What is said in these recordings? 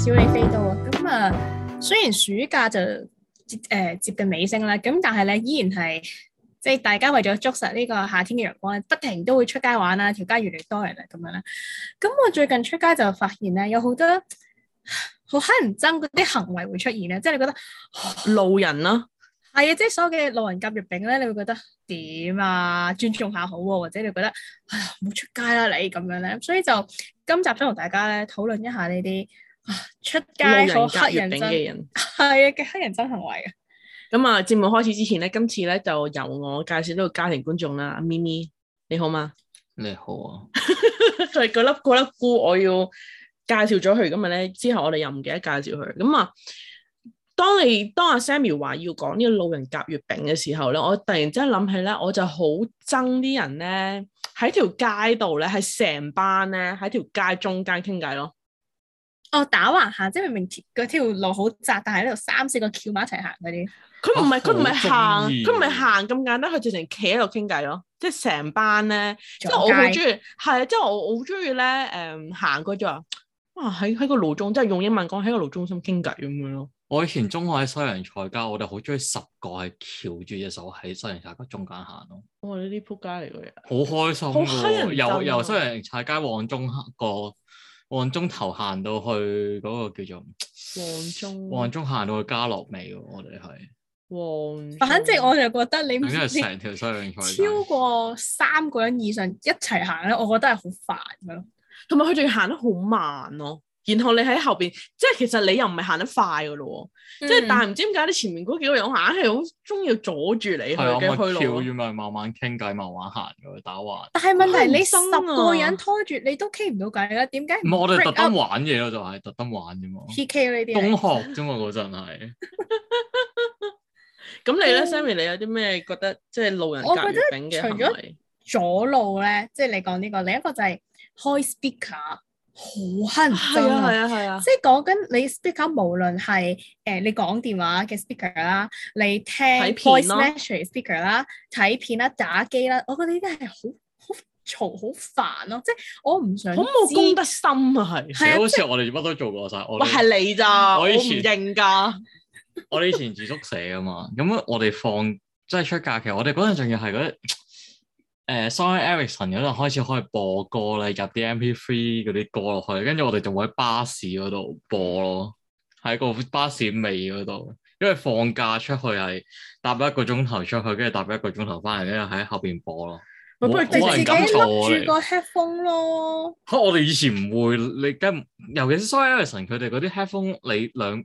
小李飛刀啊！咁啊，雖然暑假就誒、呃、接近尾聲啦，咁但係咧依然係即係大家為咗捉實呢個夏天嘅陽光咧，不停都會出街玩啦，條街越嚟越多人啦咁樣啦。咁我最近出街就發現咧，有好多好乞人憎嗰啲行為會出現咧，即係你覺得路人啦，係啊，哎、即係所有嘅「路人甲」「月餅」咧，你會覺得點啊？尊重下好啊，或者你會覺得唉，唔好出街啦，你咁樣咧。所以就今集想同大家咧討論一下呢啲。出街攞黑月餅嘅人，係啊嘅黑人憎行為啊！咁啊，節目開始之前咧，今次咧就由我介紹呢個家庭觀眾啦。咪、啊、咪，Mimi, 你好嗎？你好啊！佢係嗰粒嗰粒菇，我要介紹咗佢今日咧，之後我哋又唔記得介紹佢。咁啊，當你當阿 Sammy 話要講呢個路人夾月餅嘅時候咧，我突然之間諗起咧，我就好憎啲人咧喺條街度咧，係成班咧喺條街，條街，條街中間傾偈咯。哦，打橫行即係明明條路好窄，但係喺度三四個翹埋一齊行嗰啲。佢唔係佢唔係行，佢唔係行咁簡單，佢直情企喺度傾偈咯。即係成班咧，即係階我好中意，係、嗯、啊，即係我好中意咧誒，行嗰啲啊，哇！喺喺個路中，即係用英文講喺個路中心傾偈咁樣咯。我以前中學喺西洋菜街，我哋好中意十個係翹住隻手喺西洋菜街中間行咯。哇、哦！呢啲仆街嚟嘅㗎。好開心喎、哦！由由由由西洋菜街往中行過。旺中頭行到去嗰個叫做旺中，旺中行到去嘉樂美喎，我哋係旺中。反正我就覺得，你唔知超過三個人以上一齊行咧，我覺得係好煩咯，同埋佢仲要行得好慢咯啊。然後你喺後邊，即係其實你又唔係行得快噶咯，即係、嗯、但係唔知點解你前面嗰幾個人去的去的，硬係好中意阻住你嘅去路。我調咪慢慢傾偈，慢慢，慢，慢行嘅打橫。但係問題、啊、你十個人拖住你都傾唔到偈啦，點解？唔係我哋特登玩嘢咯，就係特登玩啫嘛。P. K. 呢啲中學啫嘛，嗰陣係。咁你咧，Sammy，你有啲咩覺得即係路人我覺得除咗阻路咧，即、就、係、是、你講呢、這個，另一、這個就係開 speaker。 好乞人憎啊！啊啊啊即係講緊你 speaker，無論係誒你講電話嘅 speaker 啦，你聽 voice message 嘅 speaker 啦，睇片啦、啊啊，打機啦、啊，我覺得呢啲係好好嘈，好煩咯！即係我唔想好冇公德心啊！係，係啊，即、就是、好似我哋乜都做過晒。喂，係你咋？我唔認噶。我以前住 宿舍啊嘛，咁我哋放即係出假期，我哋嗰陣仲要係嗰。誒，Sony Ericsson 嗰度開始可以播歌喇，入啲 MP3 嗰啲歌落去，跟住我哋仲會喺巴士嗰度播咯，喺個巴士尾嗰度，因為放假出去係搭一個鐘頭出去，跟住搭一個鐘頭翻嚟，跟住喺後邊播不我咯。好多人敢碌住個 headphone 咯。嚇，我哋以前唔會，你跟尤其， 尤其是 Sony Ericsson 佢哋嗰啲 headphone，你兩。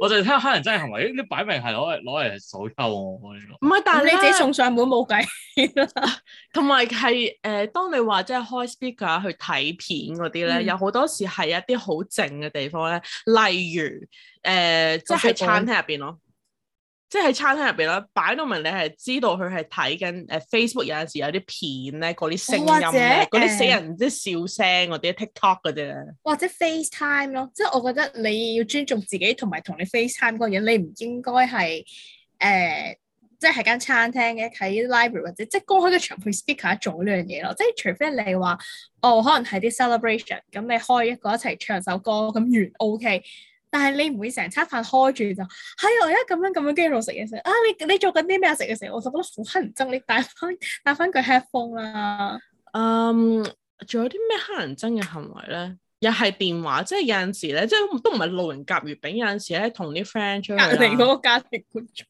我就聽黑人真係行為，啲擺明係攞嚟攞嚟搜購我呢喎。唔係，但係你自己送上門冇計，同埋係誒，當你話即係開 speaker 去睇片嗰啲咧，嗯、有好多時係一啲好靜嘅地方咧。例如誒、呃，即係餐廳入面咯。即係喺餐廳入邊啦，擺到明你係知道佢係睇緊誒 Facebook 有陣時有啲片咧，嗰啲聲音嗰啲或者死人即係笑聲嗰啲 TikTok 嗰啲咧。呃、或者 FaceTime 咯，即係我覺得你要尊重自己同埋同你 FaceTime 嗰個人，你唔應該係誒、呃，即係喺間餐廳嘅喺 library 或者即係公開嘅場去 speaker 做呢樣嘢咯。即係除非你話哦，可能係啲 celebration，咁你開一個一齊唱一首歌，咁完 OK。但係你唔會成餐飯開住就係、哎、我而家咁樣咁樣，跟住喺度食嘢食啊！你你做緊啲咩啊？食嘢食，我就覺得好乞人憎，你帶翻帶翻個 headphone 啦。啊、嗯，仲有啲咩乞人憎嘅行為咧？又係電話，即係有陣時咧，即係都唔係路人甲月餅，有陣時咧同啲 friend 出去隔籬嗰個家庭觀眾。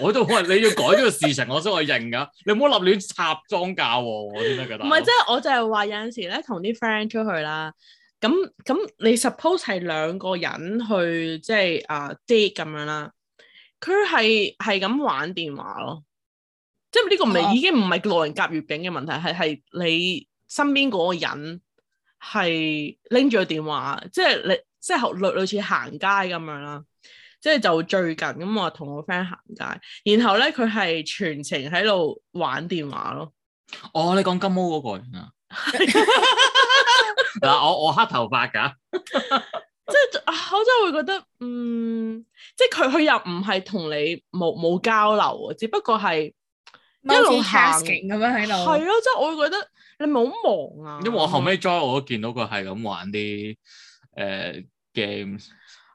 我都可能你要改咗個事情，我先我認噶，你唔好立亂插莊稼喎，先得噶。唔係、就是，即係我就係話有陣時咧，同啲 friend 出去啦。咁咁，你 suppose 係兩個人去即係啊 date 咁樣啦，佢係係咁玩電話咯，即係呢個唔係、oh. 已經唔係路人甲月餅嘅問題，係係你身邊嗰個人係拎住個電話，即係你即係類類似行街咁樣啦，即係就最近咁我同我 friend 行街，然後咧佢係全程喺度玩電話咯。哦、oh，你講金毛嗰個人啊？嗱， 我我黑頭髮噶， 即係我真係會覺得，嗯，即係佢佢又唔係同你冇冇交流啊，只不過係一路行咁樣喺度，係咯，即 係我會覺得你冇忙啊。因為我後尾 Joy 我都見到佢係咁玩啲誒 games，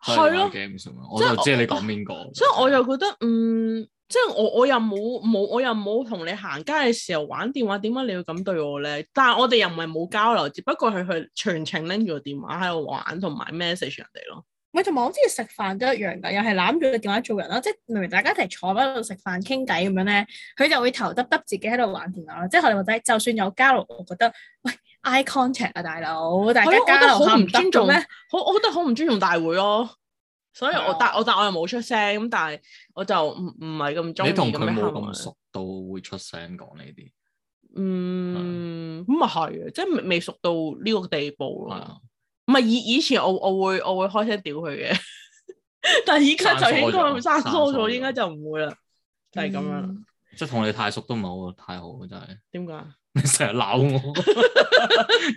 係咯 games，我就知你講邊個，所以我又覺得嗯。即係我我又冇冇我又冇同你行街嘅時候玩電話，點解你要咁對我咧？但係我哋又唔係冇交流，只不過係佢全程拎住個電話喺度玩同埋 message 人哋咯。唔係同埋好似食飯都一樣㗎，又係攬住個電話做人啦，即係明明大家一齊坐喺度食飯傾偈咁樣咧，佢就會頭耷耷自己喺度玩電話啦。即係我哋話齋就算有交流，我覺得喂 eye contact 啊，大佬呀，大家交流好唔尊重咩？好，我覺得好唔尊重大會咯，哦。所以我答、啊、我但我又冇出聲咁，但係我就唔唔係咁中意同佢冇咁熟都會出聲講呢啲。嗯，咁啊係啊，即係未，未熟到呢個地步啦。唔係以以前我我會我會開聲屌佢嘅， 但係而家就應該生疏咗，應該就唔會啦，就係咁樣。嗯、即係同你太熟都唔係好太好，真係。點解？成日鬧我，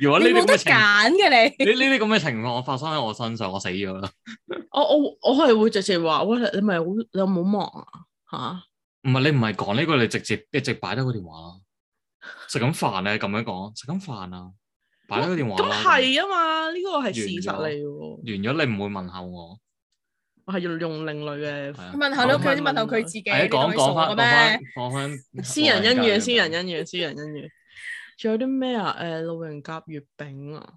如果你冇得揀嘅你。呢呢啲咁嘅情況發生喺我身上，我死咗啦。我我我係會直接話喂，你咪好你有冇忙啊吓？唔係你唔係講呢個，你直接一直擺低個電話啦。食緊飯啊，咁樣講，食緊飯啊，擺低個電話啦。咁係啊嘛，呢個係事實嚟嘅。完咗你唔會問候我，我係用用另類嘅。問候咧，佢先問候佢自己。講講翻，講翻，私人恩怨，私人恩怨，私人恩怨。仲有啲咩啊？誒、呃，老人家月餅啊？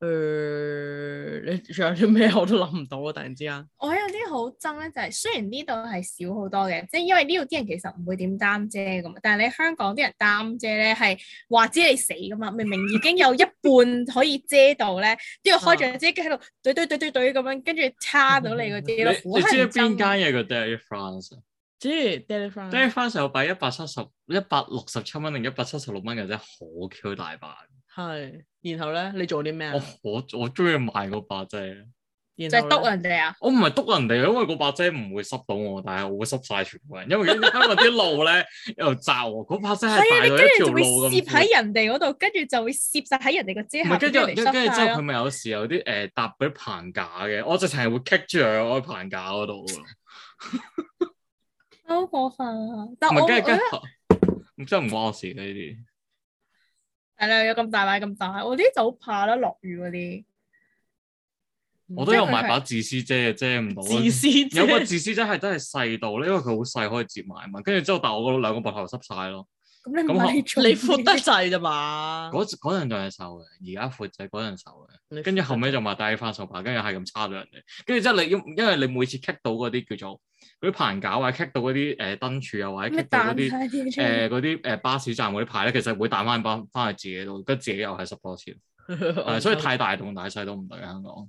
誒，你仲有啲咩我都諗唔到啊！突然之間，我有啲好憎咧，就係、是、雖然呢度係少好多嘅，即、就、係、是、因為呢度啲人其實唔會點擔遮咁，但係你香港啲人擔遮咧係話知你死噶嘛，明明已經有一半可以遮到咧，都要 開住隻遮喺度對對對對對，咁樣，跟住叉到你嗰啲咯。 你，哇你知邊間嘢佢戴咗防曬？ 知 Daily Fun，Daily Fun 成日買一百七十一百六十七蚊定一百七十六蚊嘅啫，好 Q 大把。係，然後咧，你做啲咩啊？我我中意買嗰把遮，就係督人哋啊！我唔係督人哋，因為嗰把遮唔會濕到我，但係我會濕晒全部人，因為因為啲路咧 又窄喎，嗰把遮係大一條路咁。係啊，你跟住就會攝喺人哋嗰度，跟住就會攝曬喺人哋個遮下面嚟濕曬。唔係，跟住跟跟住之後，佢咪有時有啲誒、呃、搭嗰啲棚架嘅，我直情係會棘住喺棚架嗰度嘅。 好過分啊！但係我覺得、啊、真係唔關我事呢、啊、啲。係啦、哎，有咁大買咁大，我啲就好怕啦，落雨嗰啲。我都有買把自私遮，遮唔到、啊。自私有個自私真係真係細到咧，因為佢好細可以接埋嘛。跟住之後，但我個兩個膊頭濕晒咯。咁你那你闊得滯咋嘛？嗰嗰陣就係瘦嘅，而家闊就係嗰陣瘦嘅。跟住後尾就話帶你翻上班，跟住係咁差咗人哋。跟住之後，你因為你每次棘到嗰啲叫做。嗰啲棚架啊，棘到嗰啲誒燈柱啊，或者棘到嗰啲誒啲誒巴士站嗰啲牌咧，其實會彈翻翻翻去自己度，跟住自己又係十多次。係。 所以太大同大細都唔對嘅香港。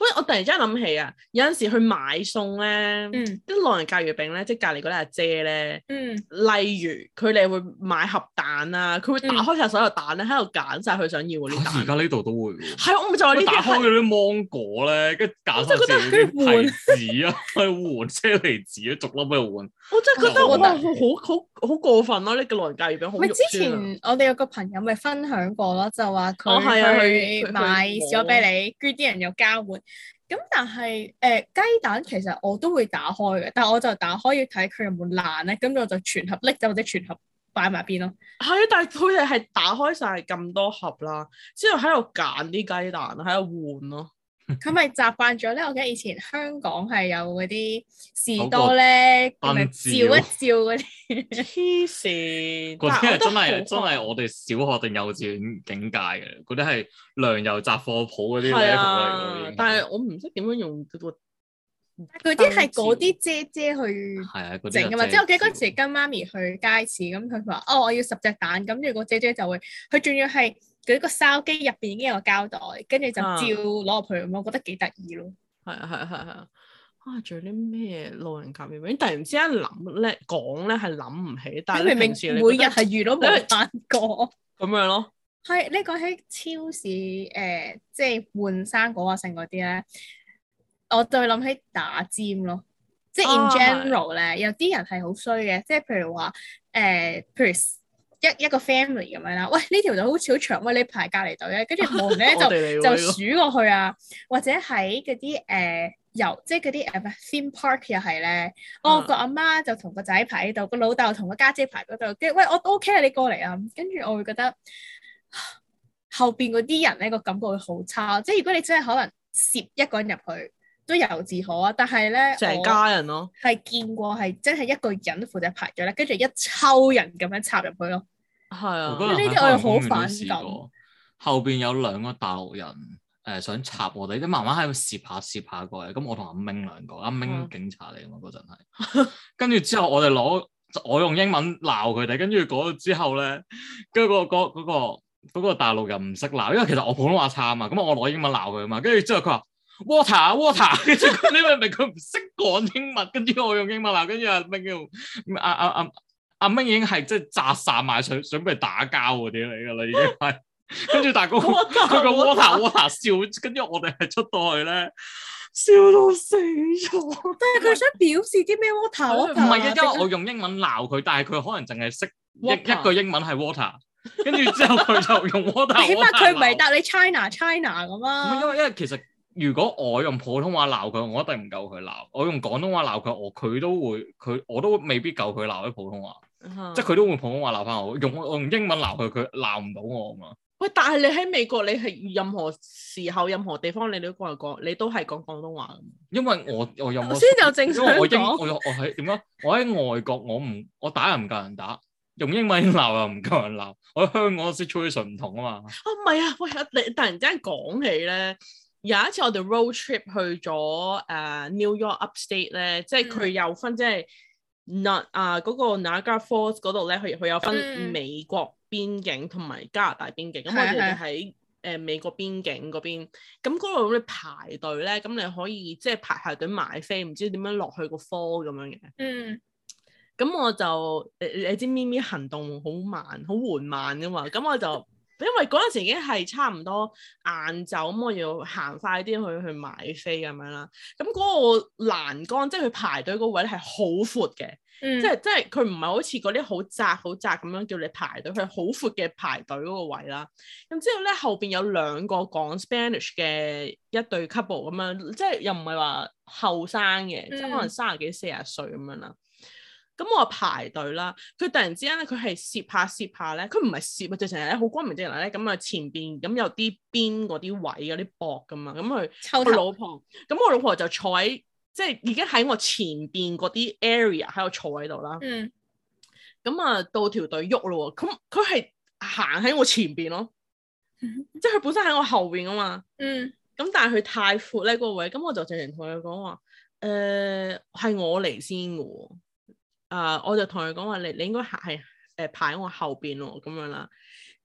喂，我突然之間諗起啊，有陣時去買餸咧，啲老、嗯、人隔月餅咧，即係隔籬嗰啲阿姐咧，嗯、例如佢哋會買盒蛋啊，佢會打開晒所有蛋咧，喺度揀晒佢想要嗰啲蛋。而家呢度都會。係我咪就係打開嗰啲芒果咧，跟住揀晒啲提子啊，開換 車厘子，啊，逐粒畀佢換。我真係覺得我、哦那個、好好好好，好過分咯、啊！呢個老人家魚餅好肉酸、啊。之前我哋有個朋友咪分享過咯，就話佢、哦啊、去，去買少咗俾你，跟啲人有交換。咁但係誒、呃、雞蛋其實我都會打開嘅，但係我就打開要睇佢有冇爛咧。咁我就全盒拎走或者全盒擺埋一邊咯。係、啊，但係佢哋係打開晒咁多盒啦，之後喺度揀啲雞蛋喺度換咯。佢咪 習慣咗咧？我記得以前香港係有嗰啲士多咧，嚟照，照一照嗰啲黐線。嗰 真係真係我哋小學定幼稚園境界嘅，嗰啲係糧油雜貨鋪嗰啲 level 嚟嘅。但係我唔識點樣用嗰啲，係嗰啲姐姐去係啊，整噶嘛。即係我記得嗰時跟媽咪去街市，咁佢話：哦，我要十隻蛋。咁，住個姐姐就會，佢仲要係。佢個筲箕入邊已經有個膠袋，跟住就照攞落去，啊、我覺得幾得意咯。係啊係啊係啊！啊，仲有啲咩路人甲明明突然之間諗咧講咧，係諗唔起。但係你平時你明明每日係遇到冇發覺。咁樣咯。係呢個喺超市誒、呃，即係換生果啊，剩嗰啲咧，我對諗起打尖咯。即係 in general 咧、啊，有啲人係好衰嘅，即係譬如話誒 please 一一個 family 咁樣啦，喂，呢條就好似好長，喂，你排隔離隊咧，跟住 我咧來就就數過去啊，或者喺嗰啲誒遊，即係嗰啲誒 theme park 又係咧、嗯哦，我個阿媽就同個仔排喺度，個老豆同個家姐排嗰度，跟住，喂我 OK 啊，你過嚟啊，跟住我會覺得後邊嗰啲人咧個感覺會好差，即係如果你真係可能攝一個人入去都由自可啊，但係咧，成家人咯、哦，係見過係真係一個人負責排咗咧，跟住一抽人咁樣插入去咯。係啊，呢啲我哋好反感。後邊有兩個大陸人誒、呃，想插我哋，即係慢慢喺度攝下攝下過嚟。咁我同阿明兩個，阿明的警察嚟嘛，嗰陣係。跟住之後我哋攞我用英文鬧佢哋，跟住嗰之後咧，跟住嗰個嗰嗰、那個那個那個、大陸人唔識鬧，因為其實我普通話差啊嘛，咁我攞英文鬧佢啊嘛。跟住之後佢話 water water，跟住你係咪佢唔識講英文？跟住我用英文鬧，跟住話咩叫阿阿阿？阿明已經係即係紮晒埋，想準備打交嗰啲嚟噶啦，已經係跟住大哥佢個 water water 笑，跟住我哋係出到去咧笑到死咗。但係佢想表示啲咩 water？唔係，因為我用英文鬧佢，但係佢可能淨係識一一個英文係 water，跟住之後佢就用 water。起碼佢唔係答你 China China 咁啊。因為因為其實如果我用普通話鬧佢，我一定唔夠佢鬧；我用廣東話鬧佢，我佢都會佢我都未必夠佢鬧啲普通話。嗯、即係佢都會普通話鬧翻我，用用英文鬧佢，佢鬧唔到我啊嘛。喂，但係你喺美國，你係任何時候、任何地方，你都過嚟講，你都係講廣東話。因為我我我先就正我講，英我我喺點啊？我喺 外國，我唔我打又唔夠人打，用英文鬧又唔夠人鬧。我喺香港 situation 唔同啊嘛。啊唔係啊，喂，你突然之間講起咧，有一次我哋 road trip 去咗誒、uh, New York Upstate 咧、嗯，即係佢又分即係。那啊，嗰個 Niagara Falls 嗰度咧，佢佢有分美國邊境同埋加拿大邊境。咁、嗯、我哋就喺誒美國邊境嗰邊，咁嗰度你排隊咧，咁你可以即係、就是、排隊票下隊買飛，唔知點樣落去個 fall 咁樣嘅。嗯，咁我就誒你知咪咪行動好慢，好緩慢噶嘛，咁我就。因為嗰陣時已經係差唔多晏晝，咁我要行快啲去去買飛咁樣啦。咁嗰個欄杆，即係佢排隊嗰位咧係、嗯、好闊嘅，即係即係佢唔係好似嗰啲好窄好窄咁樣叫你排隊，佢好闊嘅排隊嗰個位啦。咁之後咧後邊有兩個講 Spanish 嘅一對 couple 咁樣，即係又唔係話後生嘅，嗯、即係可能三十幾四廿歲咁樣啦。咁我話排隊啦，佢突然之間咧，佢係攝下攝下咧，佢唔係攝啊，就直情咧好光明正大咧。咁啊，前邊咁有啲邊嗰啲位有啲薄噶嘛，咁佢，抽佢頭老婆，咁我老婆就坐喺，即係已經喺我前邊嗰啲 area 喺度坐喺度啦。嗯。咁啊，到條隊喐咯喎，咁佢係行喺我前邊咯，即係佢本身喺我後邊噶嘛。嗯。咁但係佢太闊咧、個位，咁我就直情同佢講話，誒、呃、係我嚟先噶喎。啊！Uh, 我就同佢講話，你你應該排誒排喺我後邊咯，咁樣啦。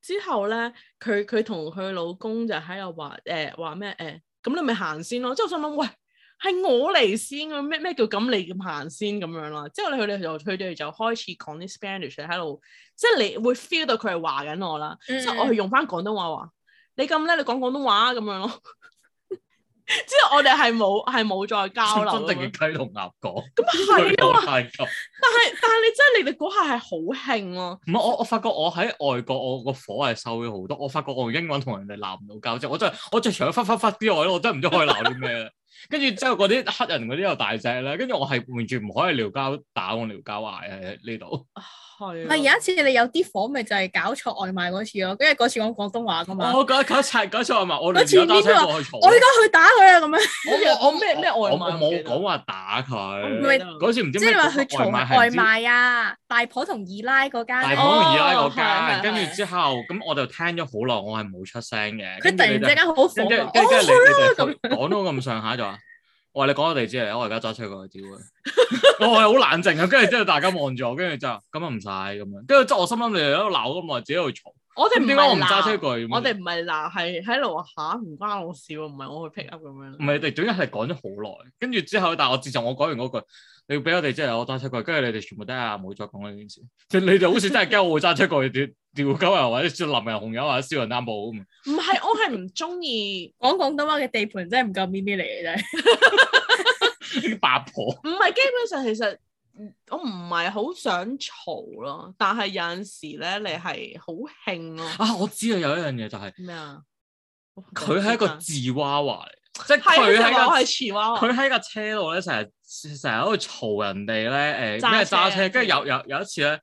之後咧，佢佢同佢老公就喺度話誒話咩誒？咁、欸欸、你咪行先咯。即係我想諗，喂，係我嚟先啊！咩咩叫咁你咁行先咁樣啦？之後咧，佢哋就佢哋就開始講啲 Spanish 喺度，即係、就是、你會 feel 到佢係話緊我啦。嗯、所以我去用翻廣東話話，你咁叻，你講廣東話咁樣咯。 之後 我哋係冇係冇再交流，真定嘅雞同鴨講。咁係 啊，外 但係但係你真係你哋嗰下係好興咯，唔係我我發覺我喺外國我個火係收咗好多，我發覺我用英文同人哋鬧唔到交，即我真係我即除咗忽忽忽之外咧，我真係唔知可以鬧啲咩，跟住之後嗰啲黑人嗰啲又大隻咧，跟住我係完全唔可以撩交打我，我撩交嗌喺呢度。係，咪而家次你有啲火咪就係搞錯外賣嗰次咯，跟住嗰次講廣東話噶嘛。我搞搞錯，搞錯外賣，我前邊都話，我而家去打佢啦咁樣。我我咩咩外賣？我冇講話打佢。嗰次唔知即咩外賣係？外賣啊，大婆同二奶嗰間。大婆同二奶嗰間，跟住之後咁，我就聽咗好耐，我係冇出聲嘅。佢突然之間好火，好火啦咁講到咁上下就。我話你講個地址嚟，我而家揸車過去屌啊！我係好冷靜啊，跟住之後大家望住我，跟住就咁啊，唔使咁樣，跟住即我心諗你喺度鬧咁啊，自己去嘈。我哋唔點解我唔揸車過去？ 我哋唔係鬧，係喺樓下唔關我事喎，唔係我去劈友咁樣。唔係，你哋總之係講咗好耐，跟住之後，但係我自從我講完嗰句。你要俾我哋即係！我揸車過去，跟住你哋全部都阿妹，再講呢件事，即係你哋好似真係驚我會揸車過去，掉屌狗啊，或者淋人紅油啊，燒人擔保咁啊！唔係，我係唔中意講廣東話嘅地盤，真係唔夠咪咪嚟嘅啫。係 。 八婆，唔係基本上其實我唔係好想嘈咯，但係有陣時咧，你係好興咯。啊，我知啊，有一樣嘢就係咩啊？佢係一個芝娃娃嚟。即係佢喺架，佢喺架車度咧，成日成日喺度嘈人哋咧，誒咩揸車，跟住有有有一次咧，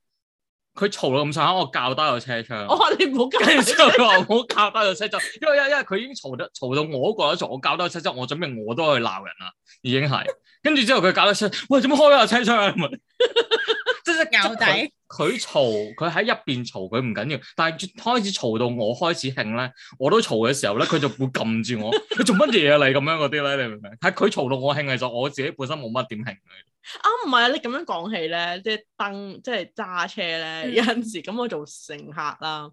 佢嘈到咁上下，我較低個車窗。哦、車我話你唔好，跟住佢話，唔好較低個車窗，因為因因為佢已經嘈得嘈到我都覺得嘈，我較低個車窗，我準備我都去鬧人啦，已經係。跟住之後佢較低車，喂，做咩開咗個車窗啊？ 真係狗仔。佢嘈，佢喺入邊嘈，佢唔緊要。但係開始嘈到我開始興咧，我都嘈嘅時候咧，佢就會撳住我。佢做乜嘢啊，你咁樣嗰啲咧？ 你明唔明？係佢嘈到我興，其實我自己本身冇乜點興啊，唔係啊！你咁樣講起咧，即係燈，即係揸車咧，嗯、有陣時咁我做乘客啦，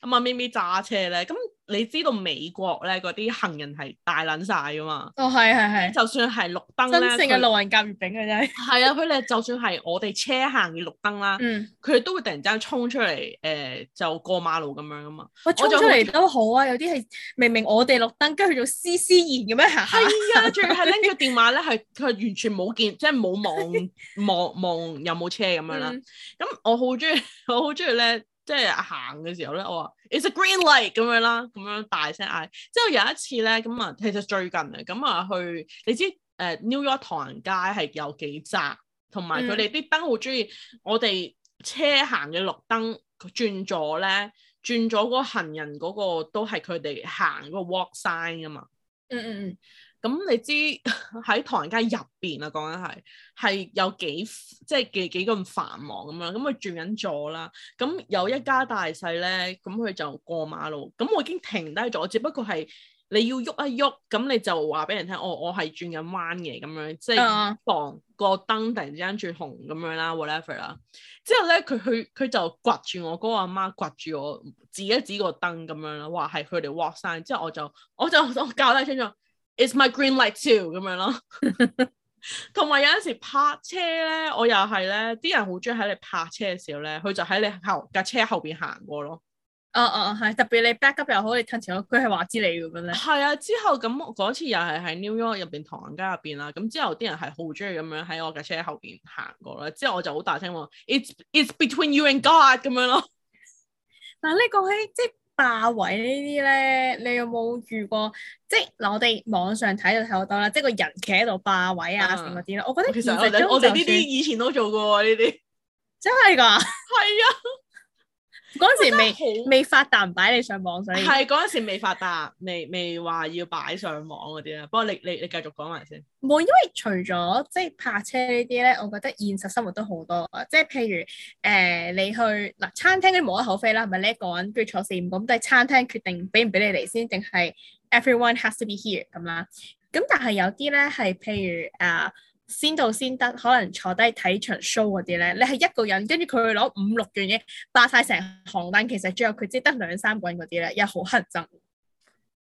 咁啊咪咪揸車咧，咁。你知道美國咧嗰啲行人係大撚晒噶嘛？哦，係係係。就算係綠燈咧，真正嘅路人甲乙丙嘅啫。係、嗯。啊，佢哋就算係我哋車行嘅綠燈啦，佢哋都會突然之間衝出嚟，誒、呃、就過馬路咁樣噶嘛。我、哦、衝出嚟都好啊，有啲係明明我哋綠燈，跟住仲斯斯然咁樣行。係 啊，仲要係拎住電話咧，係佢係完全冇見，即係冇望望望，望有冇車咁樣啦。咁、嗯、 我好中意，我好中意咧。 即係行嘅時候咧，我話 It's a green light 咁樣啦，咁樣大聲嗌。之後有一次咧，咁啊其實最近啊，咁啊去，你知誒、呃、New York 唐人街係有幾窄，同埋佢哋啲燈好中意，我哋車行嘅綠燈轉咗咧，轉咗個行人嗰、嗰個都係佢哋行嗰個 walk sign 㗎嘛。嗯嗯嗯。咁你知喺唐 人街入邊啊，講緊係係有幾即係幾幾咁繁忙咁樣，咁佢轉緊咗啦，咁有一家大細咧，咁佢就過馬路，咁我已經停低咗，只不過係你要喐一喐，咁你就話俾人聽、哦，我我係轉緊彎嘅，咁樣即係當個燈突然之間轉紅咁樣啦，whatever 啦，之後咧佢佢佢就刮住我哥阿、那個、媽，媽，刮住我指一指個燈咁樣啦，話係佢哋 walk sign，之後我就我就，我，就我教得清楚。It's my green light too 咁樣咯，同埋 有陣時泊車咧，我又係咧，啲人好中意喺你泊車嘅時候咧，佢就喺你後架車後邊行過咯。啊啊係，特別你 back up 又好，你趁前佢係話知你咁樣咧。係啊，之後咁嗰次又係喺 New York 入邊唐人街入邊啦，咁之後啲人係好中意咁樣喺我架車後邊行過啦，之後我就好大聲話，It's it's between you and God 咁樣咯。嗱，呢個喺。即。霸位呢啲咧，你有冇遇過？即係我哋網上睇到睇好多啦，即係個人企喺度霸位啊，什麼啲咧？啊、我覺得其實我哋呢啲以前都做過呢啲，真係㗎？係 啊。嗰陣時未未發達，唔擺你上網，所以係嗰陣時未發達，未未話要擺上網嗰啲啦。不過你你你繼續講埋先。冇，因為除咗即係泊車呢啲咧，我覺得現實生活都好多，即係譬如誒、呃、你去嗱、啊、餐廳你冇可口非啦，係咪你一個人跟住坐四五咁，都係餐廳決定俾唔俾你嚟？先定係 everyone has to be here 咁啦。咁但係有啲咧係譬如誒。呃先到先得，可能坐低睇場 show 嗰啲咧，你係一個人，跟住佢會攞五六件嘢霸晒成行凳，其實最後佢只得兩三個人嗰啲咧，又好乞人憎。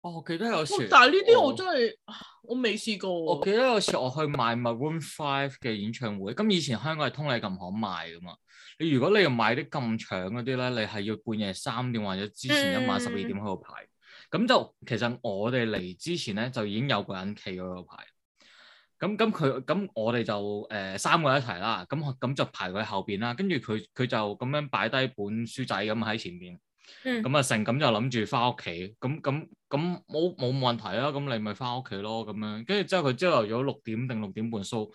哦，我記得有時，哦、但係呢啲我真係、哦、我未試過。我記得有時我去買 Maroon Room Five 嘅演唱會，咁以前香港係通例咁好賣噶嘛。你如果你要買啲咁長嗰啲咧，你係要半夜三點或者之前一晚十二點喺度排。咁、嗯、就其實我哋嚟之前咧就已經有個人企喺度排。咁咁佢咁我哋就誒、呃、三個一齊啦，咁咁就排佢後邊啦。跟住佢佢就咁樣擺低本書仔咁喺前面。咁阿成咁就諗住翻屋企。咁咁咁冇冇問題啦。咁你咪翻屋企咯咁樣。跟住之後佢朝頭早六點定六點半 show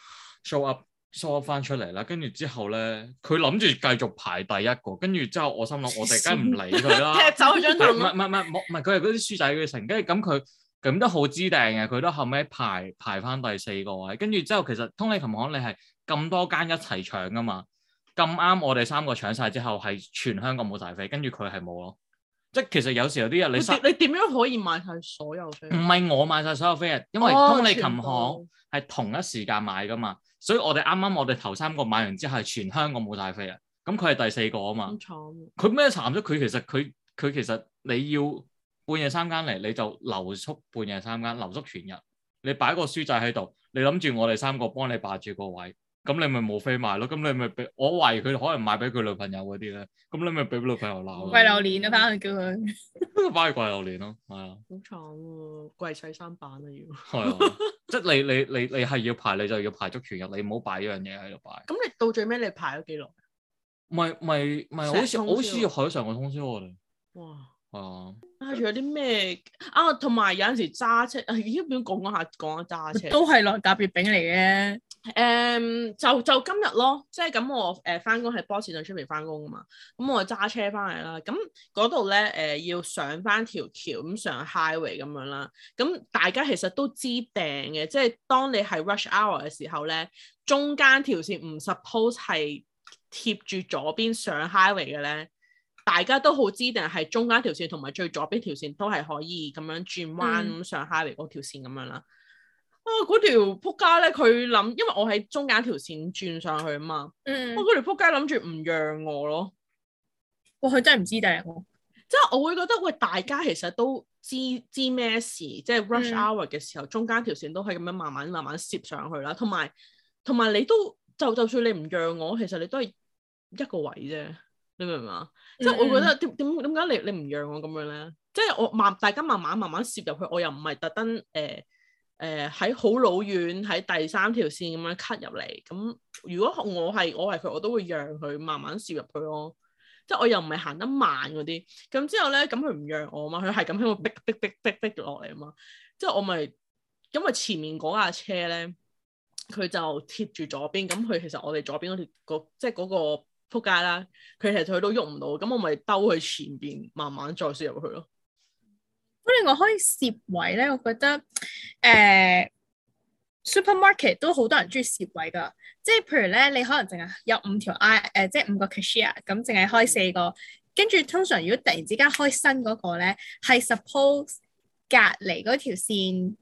show up show up 翻出嚟啦。跟住之後咧，佢諗住繼續排第一個。跟住之後我心諗我哋梗係唔理佢啦， 踢走咗唔係唔係唔冇，佢係嗰啲書仔嘅成。跟住咁佢。咁都好知定嘅，佢都後尾排排翻第四個位，跟住之後其實通利琴行你係咁多間一齊搶噶嘛，咁啱我哋三個搶晒之後係全香港冇晒飛，跟住佢係冇咯，即係其實有時候啲人你你點樣可以買晒所有飛？唔係我買晒所有飛啊，因為通利琴行係同一時間買噶嘛，所以我哋啱啱我哋頭三個買完之後係全香港冇晒飛啊，咁佢係第四個啊嘛。好慘。佢咩慘咗？佢其實佢佢其實你要。半夜三更嚟，你就留宿，半夜三更留宿全日，你擺個書仔喺度，你諗住我哋三個幫你霸住個位，咁你咪冇飛賣咯，咁你咪俾我懷疑佢可能賣俾佢女朋友嗰啲咧，咁你咪俾女朋友鬧。跪榴蓮啊，翻去叫佢翻去跪榴蓮咯，係啊。好慘喎，跪洗衫板啊，要 係啊，即係你你你你係要排，你就要排足全日，你唔好擺呢樣嘢喺度擺。咁你到最尾你排咗幾耐？唔係唔係唔係，好似好似要捱成個通宵我哋。哇！哦、oh.，啊，仲有啲咩啊？同埋有陣時揸車，啊，依家點講下講下揸車，都係特別餅嚟嘅。誒、um,，就就今日咯，即係咁我誒翻工喺波士頓出邊翻工啊嘛，咁我揸車翻嚟啦。咁嗰度咧，誒、呃、要上翻條橋咁上 highway 咁樣啦。咁大家其實都知定嘅，即係當你係 rush hour 嘅時候咧，中間條線唔 suppose 係貼住左邊上 highway 嘅咧。大家都好知，定係中間條線同埋最左邊條線都係可以咁樣轉彎咁上下 i g 嗰條線咁樣啦。啊，嗰條仆街咧，佢諗，因為我喺中間條線轉上去啊嘛。嗯。我嗰、啊、條仆街諗住唔讓我咯。哇、哦！佢真係唔知定？即係 我會覺得，喂，大家其實都知知咩事，即、就、係、是、rush hour 嘅、嗯、時候，中間條線都係咁樣慢慢慢慢攝上去啦。同埋同埋你都就就算你唔讓我，其實你都係一個位啫。你明唔明嘛？嗯嗯，即係我覺得點點點解你你唔讓我咁樣咧？即係我慢，大家慢慢慢慢攝入去，我又唔係特登誒誒喺好老遠喺第三條線咁樣 cut 入嚟。咁如果我係我係佢，我都會讓佢慢慢攝入去咯。即係我又唔係行得慢嗰啲。咁之後咧，咁佢唔讓我嘛？佢係咁喺度逼逼逼逼逼落嚟嘛？即係我咪咁咪前面嗰架車咧，佢就貼住左邊。咁佢其實我哋左邊嗰條即係嗰個。就是那個撲街啦！佢其實佢都喐唔到，咁我咪兜佢前邊，慢慢再輸入去咯。不如我可以攝位咧？我覺得誒，supermarket、呃、都好多人中意攝位噶，即係譬如咧，你可能淨係有五條 I 誒、呃，即係五個 cashier，咁淨係開四個，跟住通常如果突然之間開新嗰個咧，係 suppose 隔離嗰條線。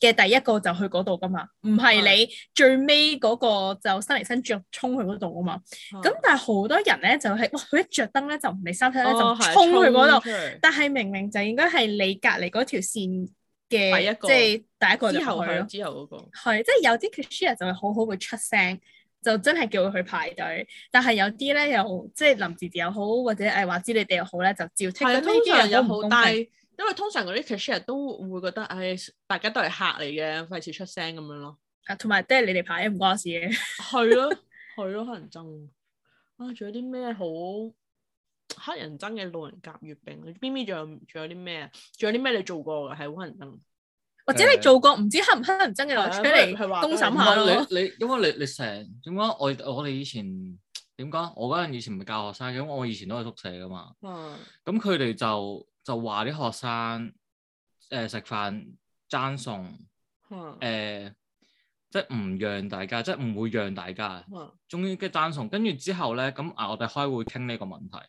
嘅第一個就去嗰度㗎嘛，唔係你最尾嗰個就伸嚟伸住衝去嗰度啊嘛。咁的但係好多人咧就係、是，佢一着燈咧就唔理收體咧就衝去嗰度。哦、但係明明就應該係你隔籬嗰條線嘅，即係第一個,第一個後之後去、那個、之後嗰、那個係即係有啲 customer 就係好,好好會出聲，就真係叫佢去排隊。但係有啲咧又即係臨時時又好，或者誒話知你哋又好咧，就照。係的通常有好，但,但因為通常嗰啲 cashier 都會覺得，唉，大家都係客嚟嘅，費事出聲咁樣咯。啊，同埋，爹，你哋排唔關我事嘅。係咯，係咯，乞人憎啊！仲有啲咩好乞人憎嘅？路人甲月餅？邊邊仲有仲有啲咩？仲有啲咩你做過嘅係好乞人憎？嗯、或者你做過唔知乞唔乞人憎嘅，來出嚟公審下咯？你、嗯、你因為你你成點解我我哋以前點講？我嗰陣以前唔係教學生嘅，因咁我以前都喺宿舍噶嘛。咁佢哋就。就話啲學生誒食、呃、飯爭餸，誒、呃、即係唔讓大家，即係唔會讓大家。終於跟爭餸。跟住之後咧，咁啊，我哋開會傾呢個問題。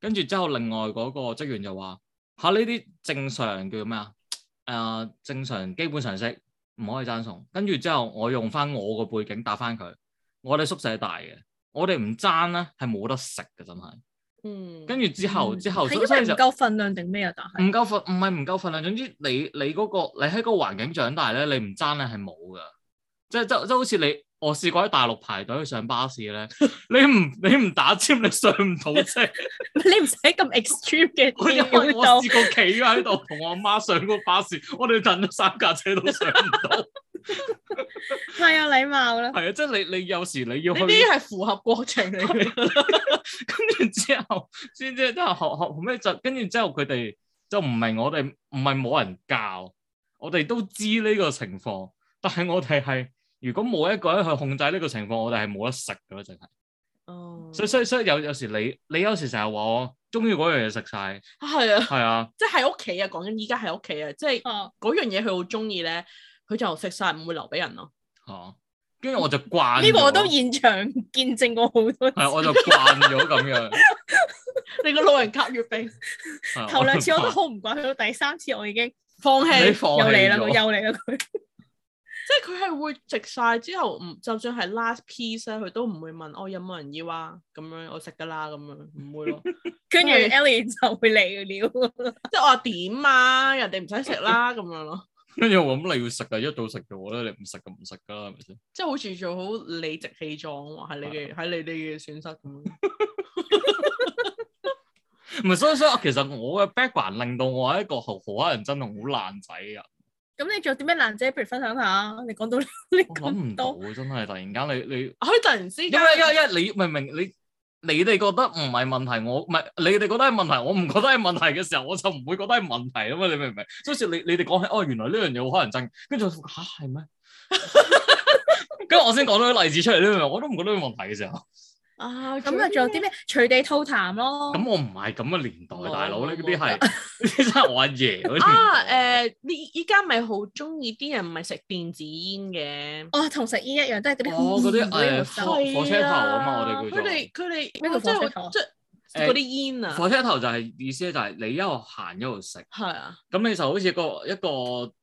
跟住之後，另外嗰個職員就話：嚇呢啲正常叫咩啊？誒、呃，正常基本常識唔可以爭餸。」跟住之後，我用翻我個背景打翻佢：我哋宿舍大嘅，我哋唔爭咧係冇得食嘅，真係。嗯，跟住之後，嗯、之後所以就唔夠分量定咩啊？但係唔夠分，唔係唔夠分量。總之你你嗰、那個你喺個環境長大咧，你唔爭咧係冇噶。即即即好似你，我試過喺大陸排隊去上巴士咧，你唔你唔打尖，你上唔到車。 你唔使咁 extreme 嘅。我試過企咗喺度同我媽上個巴士，我哋等咗三架車都上唔到。 太有禮貌啦，係啊，即係你你有時你要去啲係符合過程嚟嘅，跟 住 之後先至得學學，後就跟住之後佢哋就唔明，我哋唔係冇人教，我哋都知呢個情況，但係我哋係如果冇一個人去控制呢個情況，我哋係冇得食嘅咯，淨係哦，所以所以所以有有時你你有時成日話我中意嗰樣嘢食晒啊係啊係啊，即係喺屋企啊，講緊依家喺屋企啊，即係嗰樣嘢佢好中意咧。佢就食晒唔會留俾人咯，吓、啊，跟住我就慣。呢個我都現場見證過好多次。係，我就慣咗咁樣。你個老人夾月餅，頭 兩次我都好唔慣，去到 第三次我已經放棄，你放棄又嚟啦，又嚟啦佢。 即係佢係會食晒之後，唔就算係 last piece 佢都唔會問我，哦、有冇人要啊，咁樣我食噶啦，咁樣唔會咯。跟住 Ellie 就會嚟料。即係我話點啊，人哋唔使食啦，咁樣咯。跟住我諗，你要食噶，一到食就我咧你唔食就唔食噶啦，係咪先？即係好似做好理直氣壯，話係你嘅，係你哋嘅損失咁。唔係，所以所以其實我嘅 background 令到我係一個好河南人，真係好爛仔啊！咁你做啲咩爛仔譬如分享下你講到你講唔到，真係突然間你你，我突然之間，因為因為因為你唔明你。你哋覺得唔係問題，我唔係你哋覺得係問題，我唔覺得係問題嘅時候，我就唔會覺得係問題啊嘛，你明唔明？所以你你哋講起哦，原來呢樣嘢好可能真，跟住嚇係咩？跟住，啊 我先講啲例子出嚟，你明唔明？我都唔覺得係問題嘅時候。啊，咁啊，仲有啲咩隨地吐痰咯？咁我唔係咁嘅年代，大佬呢啲係，呢啲係我阿爺嗰啲。啊，誒，你依家咪好中意啲人唔係食電子煙嘅。哦，同食煙一樣，都係嗰啲。哦，嗰啲火車頭啊嘛，我哋佢哋，叫做。嗰啲、欸、煙啊！火車頭就係意思咧，就係你一路行一路食，係啊。咁你就好似個一個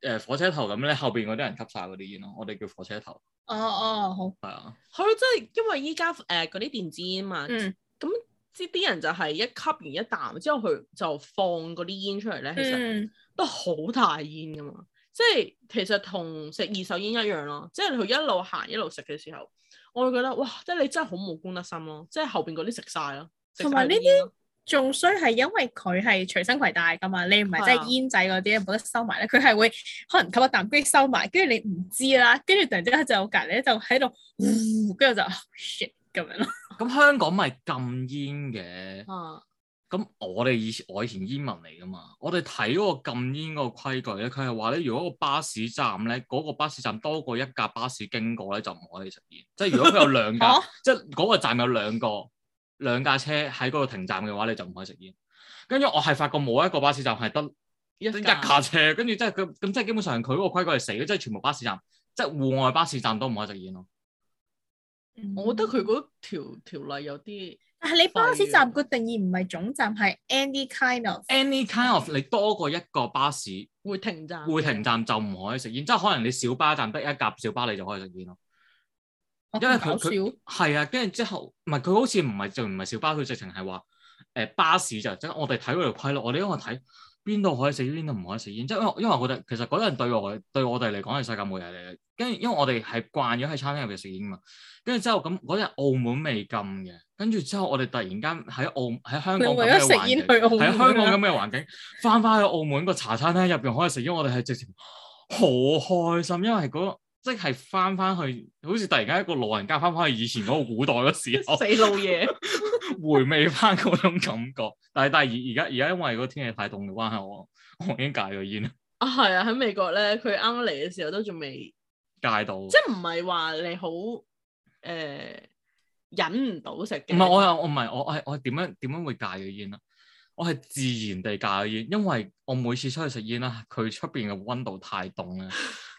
誒火車頭咁咧，後邊嗰啲人吸晒嗰啲煙咯。我哋叫火車頭。哦哦，好。係啊。係咯，即係因為依家誒嗰啲電子煙嘛，咁啲啲人就係一吸完一啖之後，佢就放嗰啲煙出嚟咧。其實、嗯、都好大煙噶嘛，即係其實同食二手煙一樣咯。即係佢一路行一路食嘅時候，我會覺得哇！即係你真係好冇公德心咯。即係後邊嗰啲食晒咯。同埋呢啲仲衰係，因為佢係隨身攜帶噶嘛，你唔係真係煙仔嗰啲，冇得的收埋咧。佢係會可能吸一啖，跟住收埋，跟住你唔知啦，跟住突然之間就有隔籬就喺度，跟住就咁樣咯。咁、嗯、香港咪禁煙嘅？咁、嗯、我哋以前我以前煙民嚟噶嘛，我哋睇嗰個禁煙嗰個規矩咧，佢係話咧，如果個巴士站咧，嗰、嗰個巴士站多過一架巴士經過咧，就唔可以食煙。即係如果佢有兩架， 即係是嗰、嗰個站有兩個。兩架車喺嗰度停站嘅話，你就唔可以食煙。跟住我係發覺冇一個巴士站係得一架一架車，跟住即係咁咁，即係基本上佢嗰個規矩係死嘅，即係全部巴士站，即係戶外巴士站都唔可以食煙咯。嗯、我覺得佢嗰條條例有啲，但係你巴士站個定義唔係總站，係 any kind of any kind of 你多過一個巴士會停站，會停站就唔可以食煙，即係可能你小巴站得一架小巴，你就可以食煙咯。因為佢佢係啊，跟住之後唔係佢好似唔係就唔係小巴，佢直情係話誒巴士就即係我哋睇嗰條規律，我哋因為睇邊度可以食煙，邊度唔可以食煙。即係因為因為我哋其實嗰陣對我對我哋嚟講係世界末日嚟嘅。跟住因為我哋係慣咗喺餐廳入邊食煙啊嘛。跟住之後咁嗰日澳門未禁嘅，跟住之後我哋突然間喺澳喺香港為咗食煙去澳門咁嘅環境，喺香港咁嘅環境翻翻去澳門個茶餐廳入邊可以食煙，我哋係直情好開心，因為嗰。即係翻翻去，好似突然間一個老人家翻翻去以前嗰個古代嗰時候，死 老嘢爺， 回味翻嗰種感覺。但係但係而而家而家因為嗰天氣太凍嘅關係，我我已經戒咗煙啦。啊係啊，喺、啊、美國咧，佢啱嚟嘅時候都仲未戒到。即係唔係話你好誒、呃、忍唔到食嘅。唔係我又我唔係我係我點樣點樣會戒咗煙啊？我係自然地戒煙，因為我每次出去食煙啦，佢出邊嘅溫度太凍啦，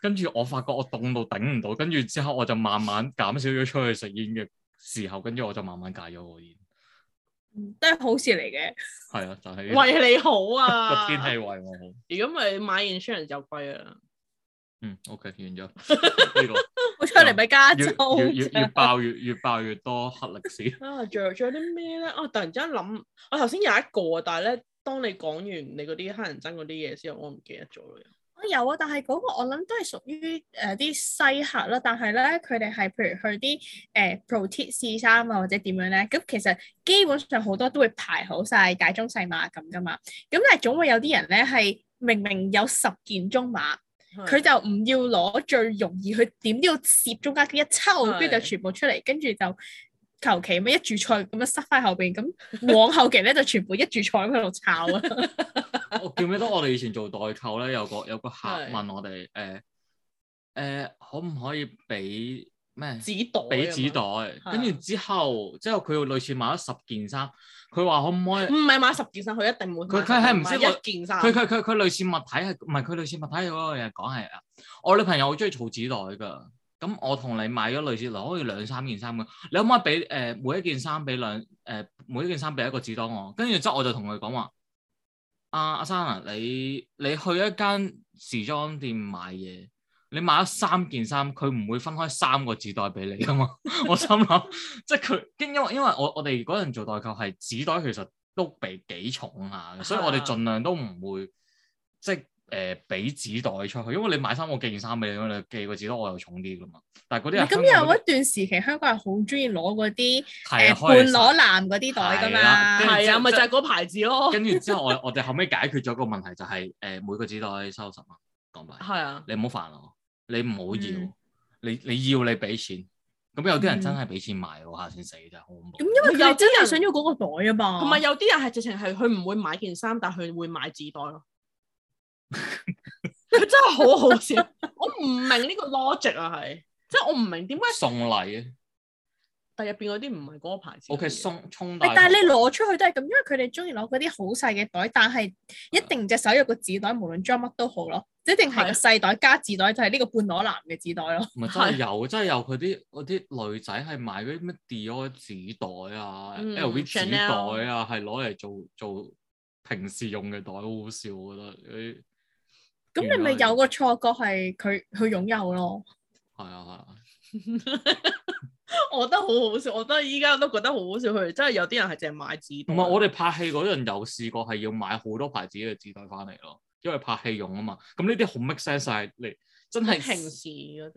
跟住我發覺我凍到頂唔到，跟住之後我就慢慢減少咗出去食煙嘅時候，跟住我就慢慢戒咗個煙。都係好事嚟嘅。係啊，就係、是、為你好啊。個 天氣為我好。如果唔係買 insurance 就貴啦。嗯，OK，完咗呢、 這個，我出嚟咪加州，越越，越，越爆越越爆越多黑歷史 啊！仲有仲有啲咩咧？啊，突然之間諗，我頭先有一個，但係咧，當你講完你嗰啲黑人憎嗰啲嘢之後，我唔記得咗咯。有啊，但係嗰個我諗都係屬於誒啲西客啦，但係咧佢哋係譬如去啲誒、呃、protease 試衫啊或者點樣咧，咁其實基本上好多都會排好晒介中細碼咁噶嘛，咁但係總會有啲人咧係明，明明有十件中碼。佢就唔要攞最容易，去點都要攝中間嗰一抽，跟住的就全部出嚟，跟住就求其咩一注菜咁樣塞翻後邊，咁往後期咧 就全部一注菜喺度炒啊！記得我叫咩多？我哋以前做代購咧，有個有個客問我哋，誒誒的、呃呃，可唔可以俾？咩紙袋？俾紙袋，跟住之後，的之後佢會類似買咗十件衫，佢話可唔可以？唔係買,買十件衫，佢一定唔會。佢佢係唔知佢一件衫。佢佢佢佢類似物體係，唔係佢類似物體嗰個嘢講係啊。我女朋友好中意儲紙袋噶，咁我同你買咗類似可以兩三件衫嘅，你可唔可以俾誒、呃、每一件衫俾兩誒每一件衫俾一個紙袋我？跟住之後我就同佢講話：阿阿生啊，你你去一間時裝店買嘢。你買咗三件衫，佢唔會分開三個紙袋俾你噶嘛？ 我心諗，即係佢跟因為因為我我哋嗰陣做代購係紙袋，其實都俾幾重下、啊，所以我哋盡量都唔會即係誒俾紙袋出去，因為你買衫我寄件衫俾你，咁你寄個紙袋我又重啲噶嘛。但係嗰啲咁有一段時期，香港人好中意攞嗰啲誒半裸男嗰啲袋㗎嘛，係啊，咪着着就係嗰牌子咯。就跟住之後我， 我我哋後尾解決咗個問題，就係、是、誒每個紙袋收十蚊港幣，係啊，你唔好煩我。你唔好要，要，嗯、你你要你俾錢，咁有啲人真係俾錢買我下先死咋，好恐怖。咁因為又真係想要嗰個袋啊嘛。同埋有啲人係直情係佢唔會買件衫，但佢會買紙袋咯。 佢真係好好笑， 我唔明呢個 logic 啊，係，即、就、係、是、我唔明點解送禮啊？但入邊嗰啲唔係嗰個牌子。O、okay, K，送充但係你攞出去都係咁，因為佢哋中意攞嗰啲好細嘅袋，但係一定隻手有個紙袋，無論裝乜都好咯。即係定係個細袋加紙袋，就係呢個半裸男嘅紙袋咯。唔係真係有，真係有佢啲嗰啲女仔係買嗰啲咩 Dior 紙袋啊、嗯、LV 紙袋啊，係攞嚟做做平時用嘅袋，好好笑我覺得。咁你咪有個錯覺係佢佢擁有咯。係啊係啊。 我覺得好好笑，我覺得依家都覺得好好笑，佢真係有啲人係淨買紙袋。唔係，我哋拍戲嗰陣有試過係要買好多牌子嘅紙袋翻嚟咯，因為拍戲用啊嘛。咁呢啲好 make sense 嚟，真係平時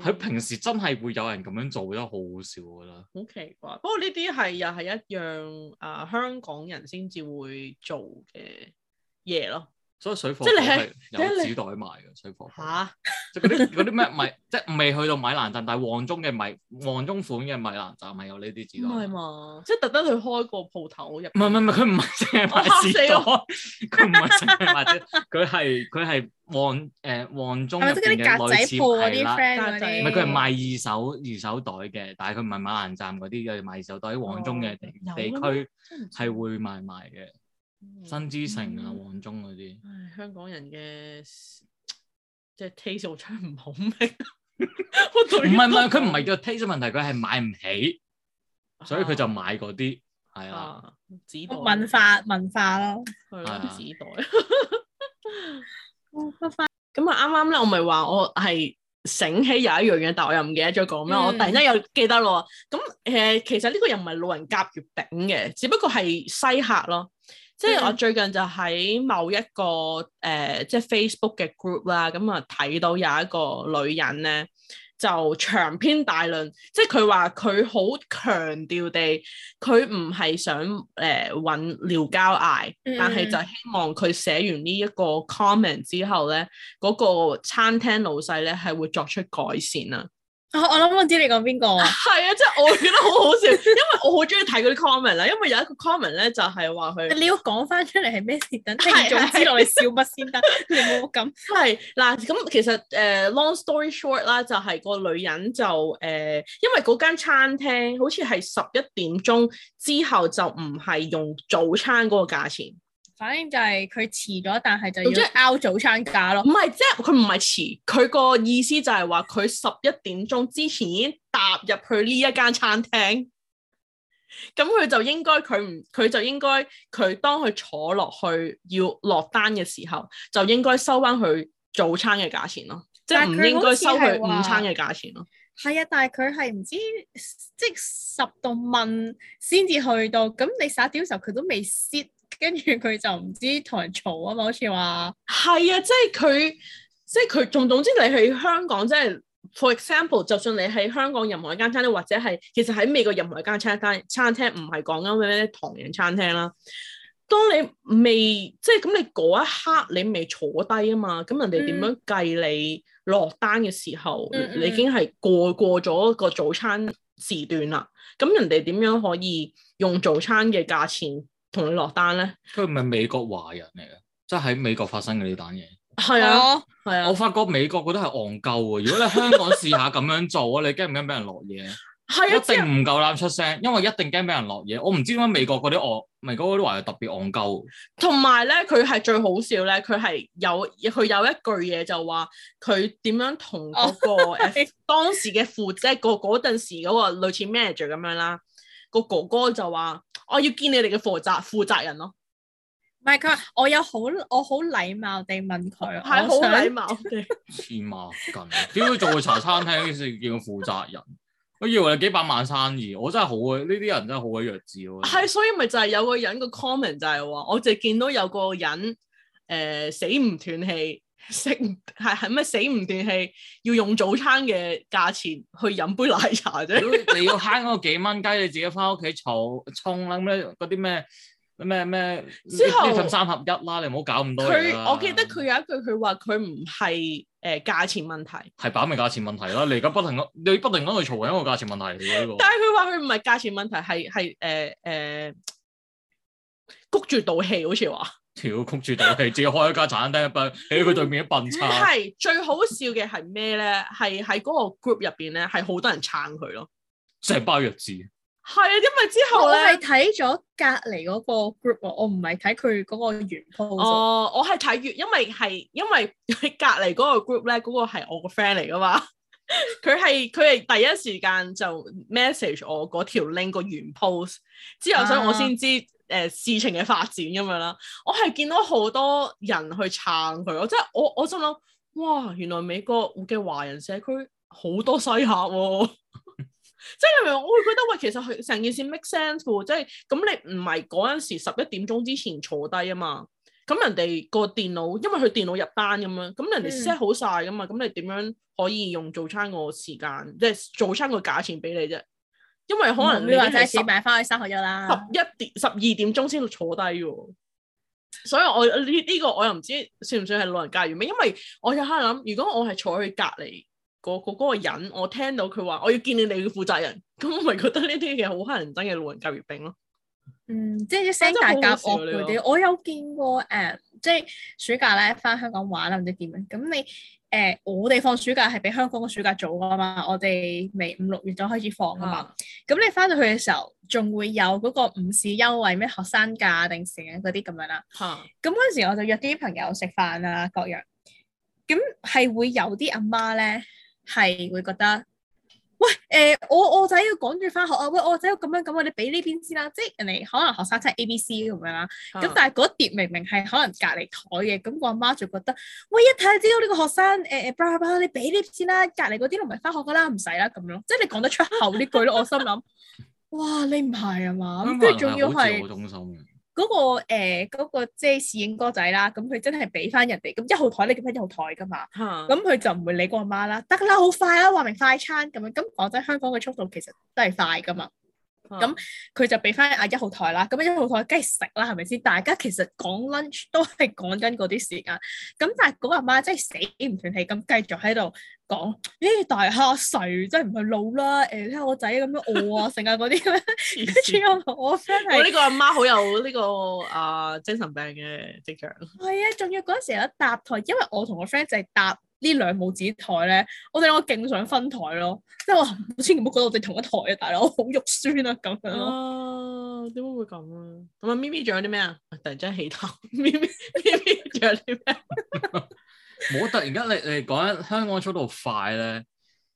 喺平時真係會有人咁樣做，都好好笑，我覺得好奇怪，不過呢啲係又係一樣啊，香港人先至會做嘅嘢咯。所有水貨都係有紙袋賣嘅水貨。嚇！即嗰啲啲咩米，即係未去到米蘭站，但係旺中嘅米，旺中款嘅米蘭站係有呢啲紙袋。係嘛？即係特登去開個鋪頭入。唔係唔係唔係，佢唔係淨係賣紙袋。嚇死我！佢唔係淨係賣佢係佢係旺誒旺中即嗰啲格仔鋪嗰啲 friend 唔係佢係賣二手二手袋嘅，但係佢唔係米蘭站嗰啲嘅賣二手袋，旺中嘅地地區係會賣賣嘅。新之城啊，旺中嗰啲，唉，香港人嘅即係 taste 好差，唔 好味。唔係唔係，佢唔係叫 taste 問題，佢係買唔起，啊、所以佢就買嗰啲，係啊，時代文化文化咯，係咯，時代。咁啊，啱啱咧，我咪話我係醒起有一樣嘢，但我又唔記得咗講咩，嗯、我突然間又記得咯。咁誒，其實呢個又唔係老人家月餅嘅，只不過係西客咯。即係我最近就喺某一個誒、呃，即係 Facebook 嘅 group 啦、嗯，咁啊睇到有一個女人咧，就長篇大論，即係佢話佢好強調地，佢唔係想誒揾嚟交嗌，嗯、但係就希望佢寫完呢一個 comment 之後咧，嗰、嗯、個餐廳老細咧係會作出改善啊。我我諗我知你講邊個啊？係啊，即係我覺得好好笑， 因為我好中意睇嗰啲 comment 啦。 因為有一個 comment 咧，就係話佢你要講翻出嚟係咩事等，即係總知道笑 你笑乜先得，你冇咁。係嗱，咁其實誒、uh, long story short 啦，就係個女人就誒，uh, 因為嗰間餐廳好似係十一點鐘之後就唔係用早餐嗰個價錢。反正就係佢遲咗，但係就要即係 o 早餐價咯。唔係，即係佢唔係遲，佢個意思就係話佢十一點鐘之前已經踏入去呢一間餐廳，咁佢就應該佢唔佢就應該佢當佢坐落去要落單嘅時候，就應該收翻佢早餐嘅價錢咯，即係唔應該收佢午餐嘅價錢咯。係啊，但係佢係唔知即係十度問先至去到，咁你十屌點時候佢都未 set。跟住佢就唔知同人嘈啊嘛，好似話係啊，即係佢，即係佢總總之你去香港，即係 for example，就算你喺香港任何一間餐廳，或者係其實喺美國任何一間餐廳餐廳，唔係講啱咩唐人餐廳啦。當你未即係咁，你嗰一刻你未坐低啊嘛，咁人哋點樣計你落單嘅時候，嗯、你已經係過過咗個早餐時段啦。咁人哋點樣可以用早餐嘅價錢？同你落單咧，佢唔係美國華人嚟嘅，即係喺美國發生嘅呢單嘢。係啊，係啊，啊我發覺美國嗰啲係戇鳩嘅。如果你香港試下咁樣做 怕怕啊，你驚唔驚俾人落嘢？係一定唔夠膽出聲，因為一定驚俾人落嘢。我唔知點解美國嗰啲戇，唔係啲華人特別戇鳩。同埋咧，佢係最好笑咧，佢係有佢有一句嘢就話、嗰個，佢點樣同嗰個誒當時嘅副，即係嗰嗰陣時嗰個類似 manager 咁樣啦，嗰個哥哥，哥就話。我要見你哋嘅負責負責人咯，唔係佢話我有好我好禮貌地問佢，係好禮貌嘅，天啊咁，點解做茶餐廳先叫個負責人？ 我以為你幾百萬生意，我真係好鬼呢啲人真係好鬼弱智咯。係 所以咪就係有個人個 comment 就係話，我淨見到有個人誒、呃、死唔斷氣。食唔係咩死唔斷氣，要用早餐嘅價錢去飲杯奶茶啫。 你要慳嗰個幾蚊雞，你自己翻屋企儲充啦。咁嗰啲咩咩咩，之後三合一啦，你唔好搞咁多。佢我記得佢有一句，佢話佢唔係誒價錢問題，係擺明價錢問題啦。你而家不停咁，你不停咁去吵緊個價錢問題。但係佢話佢唔係價錢問題，係係誒誒，谷住道氣好似話。屌，曲住地皮，自己開一家賺得一筆，喺佢對面一笨叉。係、嗯、最好笑嘅係咩咧？係喺嗰個 group 入邊咧，係好多人撐佢咯，成包弱智。係啊，因為之後咧，我係睇咗隔籬嗰個 group，我唔係睇佢嗰個原 post 哦，我係睇原、哦，因為係因為喺隔籬嗰個 group 咧，嗰、嗰個係我個 friend 嚟噶嘛，佢係佢係第一時間就 message 我嗰條 link 個原 post 之後，所以我先知、啊。誒事情嘅發展咁樣啦，我係見到好多人去撐佢，我即、就、係、是、我我心諗，哇！原來美國嘅華人社區好多西客喎、啊，即 係 我會覺得，喂，其實佢成件事 make sense 嘅，即係咁你唔係嗰陣時十一點鐘之前坐低啊嘛，咁人哋個電腦因為佢電腦入單咁樣，咁人哋 set 好晒噶嘛，咁、嗯、你點樣可以用早餐個時間，即係早餐個價錢俾你啫？因為可能你一齊四晚翻去三號一啦，十一點十二點鐘先到坐低，所以我呢呢、這個我又唔知算唔算係老人家月餅，因為我又喺度諗，如果我係坐喺隔籬嗰嗰個人，我聽到佢話我要見你哋嘅負責人，咁我咪覺得呢啲嘢好乞人憎嘅老人家月餅咯。嗯，即係聲大夾惡嗰啲，我有見過誒，即係暑假咧翻香港玩唔知點樣，咁你。誒、呃，我哋放暑假係比香港嘅暑假早㗎嘛，我哋未五六月就開始放㗎嘛。咁、嗯、你翻到去嘅時候，仲會有嗰個午市優惠咩學生價定係嗰啲咁樣啦。嚇、嗯！咁嗰陣時我就約啲朋友食飯啊，各樣。咁係會有啲阿媽咧，係會覺得。喂，誒、呃、我我仔要趕住翻學啊！喂，我仔要咁樣咁，我哋俾呢邊先啦、啊。即係人哋可能學生真係 A、B、啊、C 咁樣啦。咁但係嗰碟明明係可能隔離台嘅，咁我阿媽就覺得，喂一睇就知道呢個學生誒誒，呃、bra bra bra，你俾呢邊先啦、啊。隔離嗰啲都唔係翻學噶啦，唔使啦咁咯。即係你講得出口呢句咧， 我心諗，哇你唔係啊嘛。跟住仲要係。嗰、嗰個誒嗰、呃嗰個即係侍應哥仔、啊、媽媽啦，咁佢真係俾翻人哋，咁一號台你咁樣一號台噶嘛，咁佢就唔會理嗰阿媽啦，得啦，好快啦，話明快餐咁樣，咁講真香港嘅速度其實都係快噶嘛。咁佢、啊、就俾翻阿一號台啦，咁一號台梗係食啦，係咪先？大家其實講 lunch 都係講緊嗰啲時間，咁但係嗰個媽真係死唔斷氣咁繼續喺度講，咦、欸、大蝦碎，真係唔去老啦！誒、欸，睇下我仔咁樣餓啊，成啊嗰啲咧，跟住 我同我 friend 係，我呢個阿媽好有呢、這個啊、呃、精神病嘅跡象。係啊，仲要嗰陣時有搭台，因為我同我 friend 就係搭。兩母子呢一台咧，我哋兩個勁想分台咯，即係話，千祈唔好覺得我哋同一台啊，大佬，好肉酸啊咁樣咯。啊，點解會咁啊？咁啊，咪咪仲有啲咩啊？突然間起頭， 咪咪咪咪仲有啲咩？冇 突然間你你講香港速度快咧，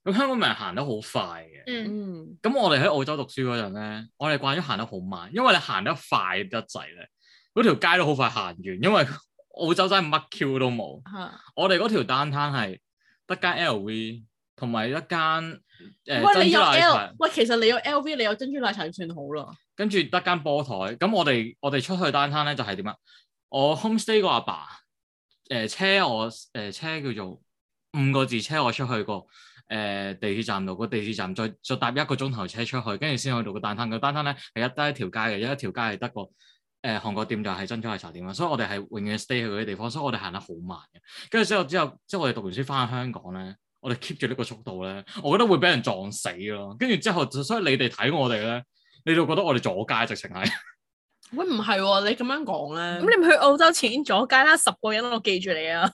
咁香港咪行得好快嘅。嗯咁我哋喺澳洲讀書嗰陣咧，我哋慣咗行得好慢，因為你行得快得滯咧，嗰條街都好快行完，因為。澳洲真係乜 Q 都冇，啊、我哋嗰條單攤係得間 LV 同埋一間誒、呃、喂，你有 LV，喂，其實你有 LV，你有珍珠奶茶就算好啦。跟住得間波台，咁我哋我哋出去單攤咧就係點啊？我 homestay 個阿爸誒、呃、車我誒、呃、車叫做五個字車我出去個誒、呃、地鐵站度，個地鐵站再再搭一個鐘頭車出去，跟住先去到，到單、那個單攤。個單攤咧係一得一條街嘅，有一條街係得個。誒、呃、韓國店就係珍珠奶茶店啦，所以我哋係永遠 stay 去嗰啲地方，所以我哋行得好慢嘅。跟住之後，之後，即係我哋讀完書翻香港咧，我哋 keep 住呢個速度咧，我覺得會俾人撞死咯。跟住之後，所以你哋睇我哋咧，你就覺得我哋阻街直情係。喂，唔係喎，你咁樣講咧，咁你唔去澳洲前已經阻街啦，十個人我記住你啊。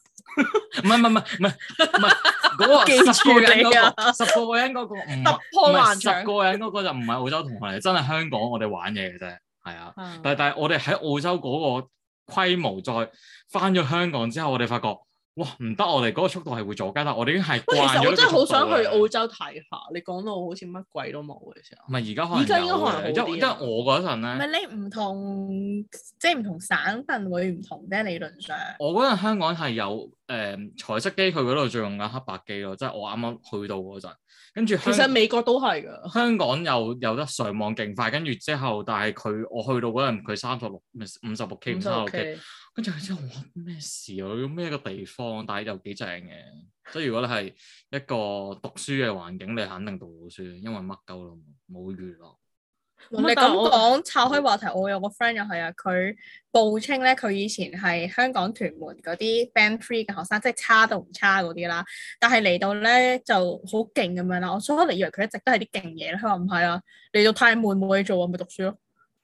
唔係唔係唔係唔係嗰個十個人十個個人嗰個唔十個人嗰個就唔係澳洲同學嚟，真係香港我哋玩嘢嘅啫。係啊，但係但係我哋喺澳洲嗰個規模再翻咗香港之後，我哋發覺，哇，唔得，我哋嗰個速度係會阻街，但我哋已經係。哇，其實我真係好想去澳洲睇下，你講到好似乜鬼都冇嘅時候。唔係而家，而家應該可能好啲。而家我嗰陣咧。唔係你唔同，即係唔同省份會唔同啫，理論上。我嗰陣香港係有誒彩色機，佢嗰度仲用緊黑白機咯，即係我啱啱去到嗰陣。跟其實美國都係噶，香港又有得上網勁快，跟住之後，但係佢我去到嗰陣，佢三十六唔五十六 K，五十六 K，跟住之後話咩事啊？咩個地方？但係又幾正嘅，即係如果你係一個讀書嘅環境，你肯定讀好書，因為乜鳩都冇，冇娛樂。唔係咁講，岔開話題，我有個 friend 又係啊，佢報稱咧，佢以前係香港屯門嗰啲 Band Three 嘅學生，即係差到唔差嗰啲啦。但係嚟到咧就好勁咁樣啦。我初初以為佢一直都係啲勁嘢，佢話唔係啊，嚟到太悶冇嘢做我啊，咪讀書咯。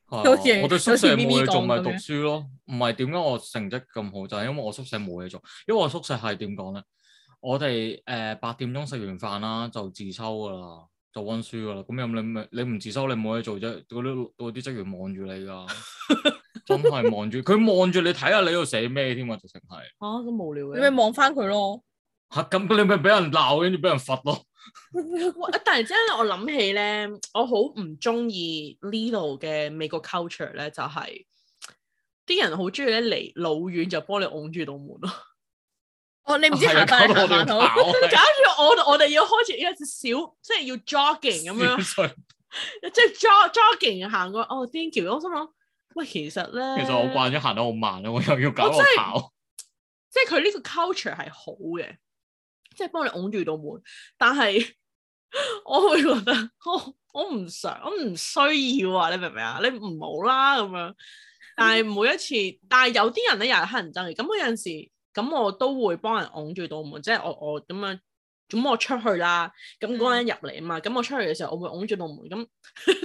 好似，我對宿舍冇嘢做咪讀書咯。唔係點解我成績咁好？就係因為我宿舍冇嘢做，因為我宿舍係點講咧？我哋誒八點鐘食完飯啦，就自修噶啦。就溫書噶啦，咁又你咪你唔自修，你冇嘢做啫。嗰啲嗰啲職員望住你噶， 真係望住佢望住你睇下你度寫咩添嘛，就成、是、係。啊，咁無聊嘅，你咪望翻佢咯。吓咁、啊，你咪俾人鬧，跟住俾人罰咯。 但係真係我諗起咧，我好唔中意呢度嘅美國 culture 咧、就是，就係啲人好中意咧離老遠就幫你按住度門咯。哦，你唔知行快行好，搞住我是 我哋是 要開始有小，即、就、係、是、要 jogging 咁樣，即係 jogging 行過哦，點叫？我心諗喂，其實咧，其實我慣咗行得好慢啦，我又要搞個跑，即係佢呢個 culture 係好嘅，即係幫你揞住道門，但係我會覺得、哦、我我唔想我唔需要啊，你明唔明啊？你唔好啦咁樣，但係每一次，但係有啲人咧又係乞人憎嘅，咁嗰陣時。咁我都會幫人拱住道門，即係我我咁樣，咁我出去啦，咁嗰個人入嚟啊嘛，咁、嗯、我出去嘅時候，我會拱住道門。咁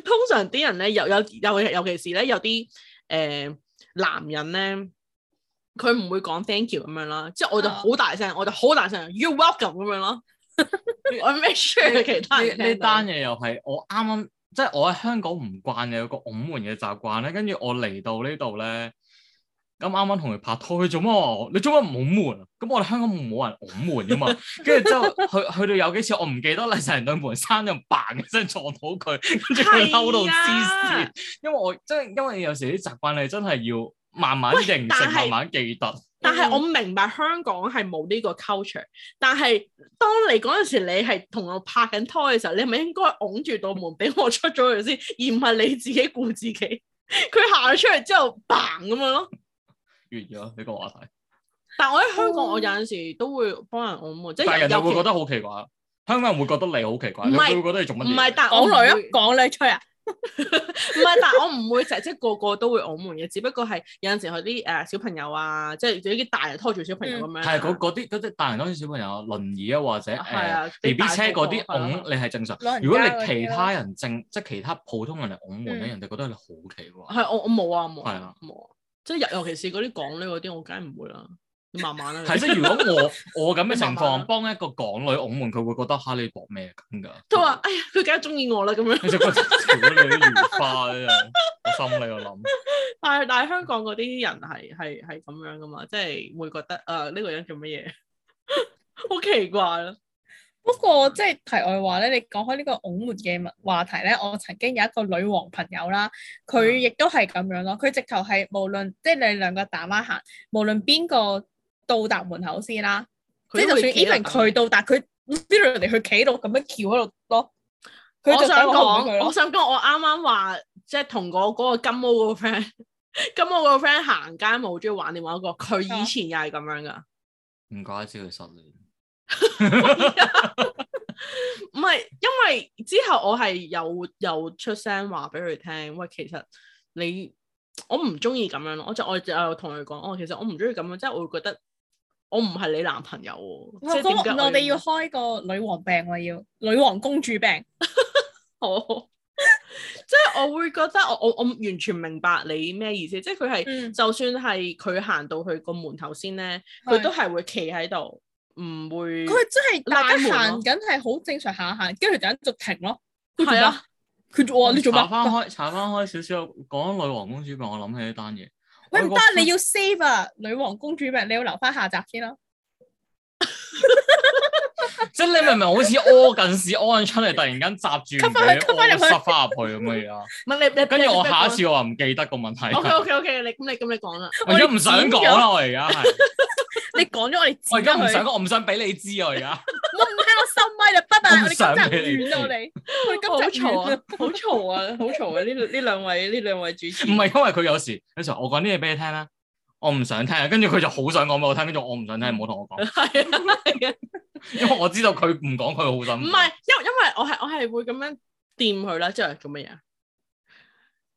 通常啲人咧，有有有尤其是咧，有啲誒、呃、男人咧，佢唔會講 thank you 咁樣啦，即係我就好大聲，啊、我就好大聲，you welcome 咁樣咯。我未 share 其他呢單嘢又係我啱啱，即、就、係、是、我喺香港唔慣嘅一個拱門嘅習慣咧，跟住我嚟到呢度咧。咁啱啱同佢拍拖，去做乜？你做乜唔拱門？咁我哋香港冇人拱門噶嘛？跟住之後去去到有幾次我唔記得啦，成對門生又扮真撞到佢，跟住佢嬲到黐線。因為我真係因為有時啲習慣你真係要慢慢形成，慢慢記得。但係我明白香港係冇呢個 culture，、嗯、但係當你嗰陣時你係同我拍緊拖嘅時候，你係咪應該拱住道門俾我出咗去先，而唔係你自己顧自己？佢行咗出嚟之後，bang 咁樣咯。完咗呢個話題，但係我喺香港，我有陣時都會幫人拱門，即係人就會覺得好奇怪，香港人會覺得你好奇怪，唔係會覺得你做乜嘢？唔係，講來啊，講嚟吹啊，唔係，但係我唔會成即係個個都會拱門嘅，只不過係有陣時佢啲誒小朋友啊，即係有啲大人拖住小朋友咁樣，係嗰嗰啲嗰啲大人拖住小朋友輪椅啊，或者誒 B B 車嗰啲拱你係正常。如果你其他人正即係其他普通人嚟拱門咧，人哋覺得你好奇怪。係我我冇啊，冇係啊，冇啊。即係尤其是嗰啲港女嗰啲，我梗係唔會啦，你慢慢啦。係即係如果我我咁嘅情況，幫一個港女門，我們佢會覺得哈利博咩咁噶？佢話說： 哎呀，佢梗係中意我啦咁樣。你真係調咗你啲棉花，我心裏又諗。但係但係香港嗰啲人係係係咁樣噶嘛，即係會覺得誒呢、呃呢個人做乜嘢 好奇怪咯。不過即係題外話咧，你講開呢個拱門嘅話題咧，我曾經有一個女王朋友啦，佢亦都係咁樣咯，佢直頭係無論即係你兩個打孖行，無論邊個到達門口先啦，即係就算 even 佢到達，佢 still 嚟去企度咁樣翹喺度咯。佢就想講，我想講，我啱啱話即係同嗰個金毛個 friend，金毛個 friend 行街冇中意玩電話個，佢以前又係咁樣噶。唔怪得之佢失戀。唔係， 因為之後我係有有出聲話俾佢聽，喂，其實你我唔中意咁樣咯，我就我就同佢講，哦，其實我唔中意咁樣，即係我會覺得我唔係你男朋友，哦、即係點解？我哋要開個女王病我要女王公主病， 好，即係我會覺得我我我完全明白你咩意思，即係佢係就算係佢行到去個門頭先咧，佢的都係會企喺度。唔會，佢真係大家行緊係好正常下一行，跟住就然就停咯。係啊，佢做啊，哦、你做乜？查翻開，查翻 開少少，講女王公主命，我諗起呢單嘢。喂，唔得，行他你要 save 啊！女王公主命，你要留翻下集先啦，啊。 即係你明唔明好？好似屙緊屎屙緊出嚟，突然間閘住，塞翻入去咁嘅嘢啊！唔係 你你跟住我下一次我話唔記得個問題。O K O K，o k 你咁你咁你講啦。我而家唔想講啦， 我而家係。你講咗我哋。我而家唔想講， 我唔想俾你知啊！而家。我唔係我收咪入筆啊！你執遠到你，我而家好嘈，好嘈啊！好嘈啊！呢呢兩位呢兩位主持。唔係因為佢有時，有時我講啲嘢俾你聽啦。我唔想聽，跟住佢就好想講俾我聽，跟住我唔想聽，唔好同我講。係啊，係啊 因為我知道佢唔講，佢好想。唔係，因因為我係我係會咁樣掂佢啦，即係做乜嘢？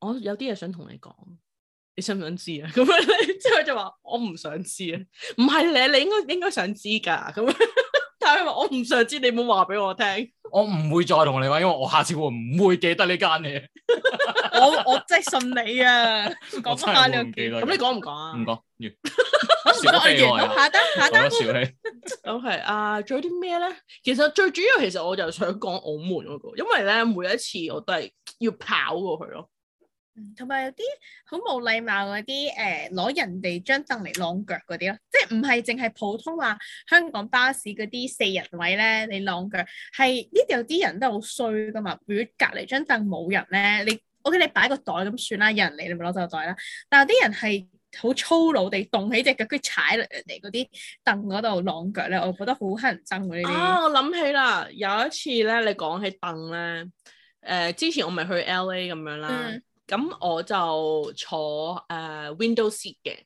我有啲嘢想同你講，你想唔想知啊？咁 樣，之後就話我唔想知啊，唔係你，你應該應該想知噶，咁。 我唔想知，你冇話俾我聽。我唔會再同你話，因為我下次會唔會記得呢間嘢？我我真係信你啊！講翻兩記。咁你講唔講啊？唔講完。我笑咗我完，我下單下單都。好，OK 啊！仲有啲咩咧？其實最主要，其實我就想講澳門嗰個，因為咧每一次我都係要跑過去咯。同埋有啲好冇禮貌嗰啲，誒、呃，攞人哋張凳嚟晾腳嗰啲咯，即係唔係淨係普通話香港巴士嗰啲四人位咧，你晾腳係呢度，有啲人都好衰噶嘛。如果隔籬張凳冇人咧，你我見、okay, 你擺個袋咁算啦，有人嚟你咪攞走袋啦。但係有啲人係好粗魯地動起隻腳，佢住踩嚟人哋嗰啲凳嗰度晾腳咧，我覺得好乞人憎嗰啲。哦、啊，我諗起啦，有一次咧，你講起凳咧，誒、呃，之前我咪去 L A 咁樣啦。咁我就坐誒、uh, window seat 嘅，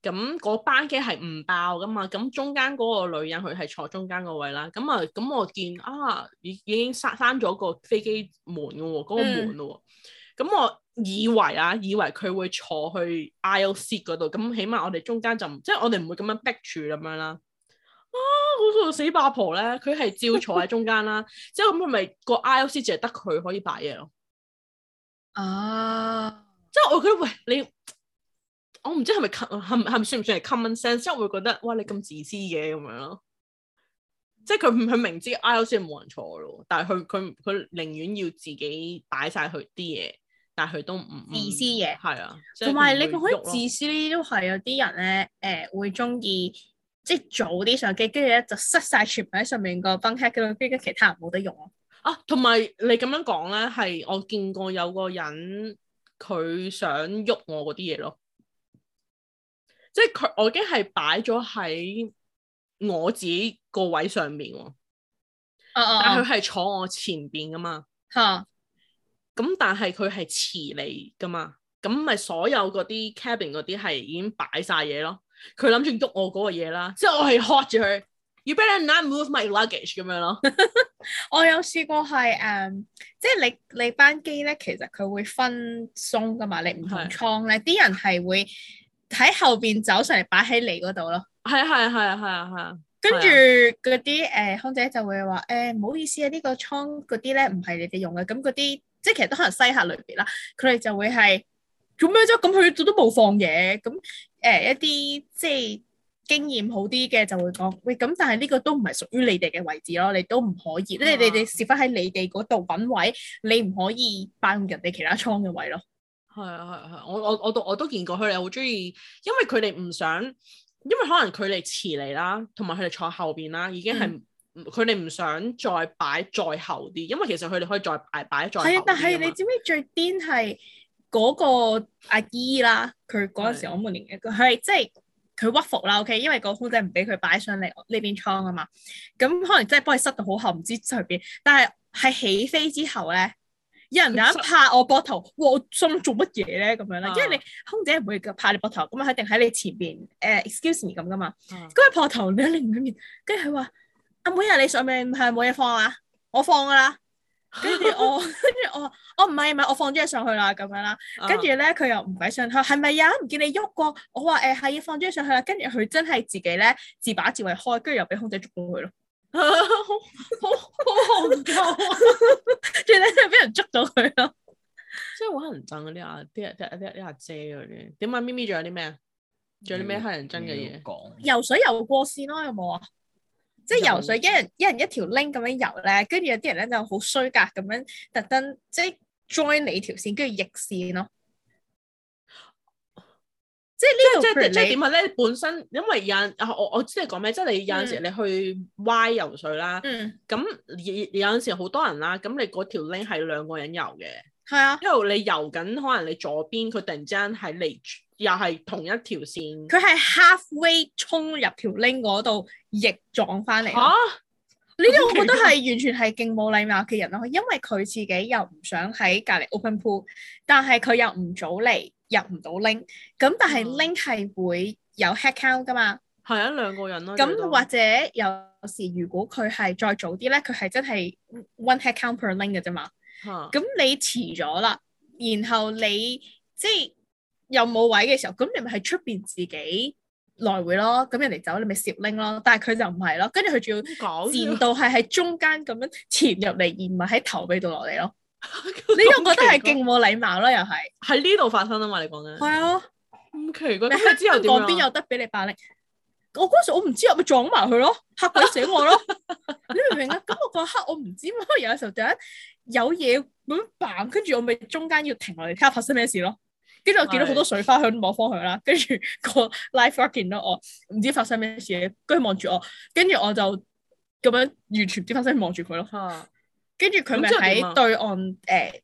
咁嗰班機係唔爆㗎嘛，咁中間嗰個女人佢係坐中間個位啦，咁啊，咁我見啊已已經閂閂咗個飛機門嘅喎，嗰、那個門咯喎，咁、嗯、我以為啊，以為佢會坐去 aisle seat 嗰度，咁起碼我哋中間就即係我哋唔會咁樣逼住咁樣啦，啊，嗰、那個死八婆咧，佢係照坐喺中間啦， 即係咁佢咪個 aisle seat 就係得佢可以擺嘢咯。啊！即係、uh, 我覺得，喂你，我唔知係咪 com 咪算唔算係 common sense？即係會覺得，哇！你咁自私嘅咁樣咯，即係佢唔佢明知 I 好似冇人坐咯，但係佢佢佢寧願要自己擺晒佢啲嘢，但係佢都唔自私嘅。係、嗯、啊，同埋是有你可以自私呢啲都係有啲人咧，誒、呃、會中意即係早啲上機，跟住咧就塞晒全部喺上面個 b e n c h 跟住其他人冇得用咯。啊，同埋你咁樣講咧，係我見過有個人佢想喐我嗰啲嘢咯，即係佢我已經係擺咗喺我自己個位上面喎，uh oh. 但係佢係坐我前邊噶嘛，嚇、uh，咁、huh. 但係佢係遲嚟噶嘛，咁咪所有嗰啲 cabin 嗰啲係已經擺晒嘢咯，佢諗住喐我嗰個嘢啦，即係我係蝦住佢。You better not move my luggage 咁樣囉。我有試過係誒，um, 即係你你班機咧，其實佢會分松㗎嘛，你唔同倉咧，啲人係會喺後邊走上嚟擺喺你嗰度咯。係係係係係。跟住嗰啲誒空姐就會話誒，唔好意思啊，呢個倉嗰啲咧唔係你哋用嘅，咁嗰啲即係其實都可能西客類別啦。佢哋就會係做咩啫？咁佢都冇放嘢，咁誒、呃、一啲即係。經驗好啲嘅就會講，喂咁，但係呢個都唔係屬於你哋嘅位置咯，你都唔可以。咧、啊、你哋設翻喺你哋嗰度揾位，你唔可以擺人哋其他倉嘅位咯。係啊係係，我我我都我都見過佢哋好中意，因為佢哋唔想，因為可能佢哋遲嚟啦，同埋佢哋坐後邊啦，已經係佢哋唔想再擺再後啲，因為其實佢哋可以再擺擺再後邊啊。但係你知唔知最癲係嗰個阿姨啦？佢嗰陣時我問另一個係即係。佢屈服啦，OK，因為個空姐唔俾佢擺上嚟呢邊倉啊嘛，咁可能真係幫佢塞到好後，唔知喺邊。但係喺起飛之後咧，失有人突然拍我膊頭，我心做乜嘢咧咁樣啦？啊、因為你空姐唔會拍你膊頭，咁啊一定喺你前邊。誒、呃、excuse me 咁噶嘛？咁佢拍頭你喺你面，跟住佢話：阿妹啊，你上面係冇嘢放啊？我放噶啦。跟住 我，跟住我，我唔係唔係，我放咗嘢上去啦，咁樣啦。跟住咧，佢又唔俾上開，係咪呀？唔見你喐過。我話誒要放咗嘢上去啦。跟住佢真係自己咧自把自為開，跟住又俾空姐捉到佢咯。好好好憨鳩，跟住咧真係俾人捉到佢咯。即係好乞人憎嗰啲阿啲啲阿姐嗰啲。點解咪咪仲有啲咩啊？仲有啲咩乞人憎嘅嘢？嗯、游水游過線咯、啊，有冇啊？即係游水，一人一人一條 link 咁樣游咧，跟住有啲人咧就好衰格咁樣特，特登即係 join 你條線，跟住逆線咯。即係呢即，即係即係點啊？咧，本身因為有我我，我知你講咩，即係你有陣時你去 Y 游水啦。嗯。咁有有陣時好多人啦，咁你嗰條 link 係兩個人游嘅。係啊、嗯。因為你游緊，可能你左邊佢突然之間係逆。又係同一條線，佢係 halfway 衝入條 link 嗰度逆撞翻嚟。嚇、啊！呢啲我覺得係完全係勁冇禮貌嘅人咯，因為佢自己又唔想喺隔籬 open pool，但係佢又唔早嚟入唔到 link，咁但係 link 係會有 head count 噶嘛。係、嗯、啊，兩個人咯、啊。咁那裡或者有時如果佢係再早啲咧，佢係真係 one head count per link 嘅啫嘛。嚇、啊！咁你遲咗啦，然後你即係。又冇位嘅時候，咁你咪喺出邊自己來回咯。咁人哋走你咪攝拎咯。但係佢就唔係咯，跟住佢仲要潛到係喺中間咁樣潛入嚟，而唔係喺頭尾度落嚟咯。你又覺得係勁冇禮貌咯？ 又係喺呢度發生啊嘛！你講緊係啊，唔奇嗰啲之後講邊有得俾你霸領？我嗰時我唔知，咪撞埋佢咯，嚇鬼死我咯！ 你明唔明啊？咁我嗰刻我唔知咯，因為有時候突然有嘢咁嘣，跟住我咪中間要停落嚟睇下看看發生咩事咯。跟住我見到好多水花響某方向啦，跟住個 life rock 見到我，唔知發生咩事，跟住望住我，跟住我就咁樣完全唔知發生望住佢咯。跟住佢咪喺對岸誒，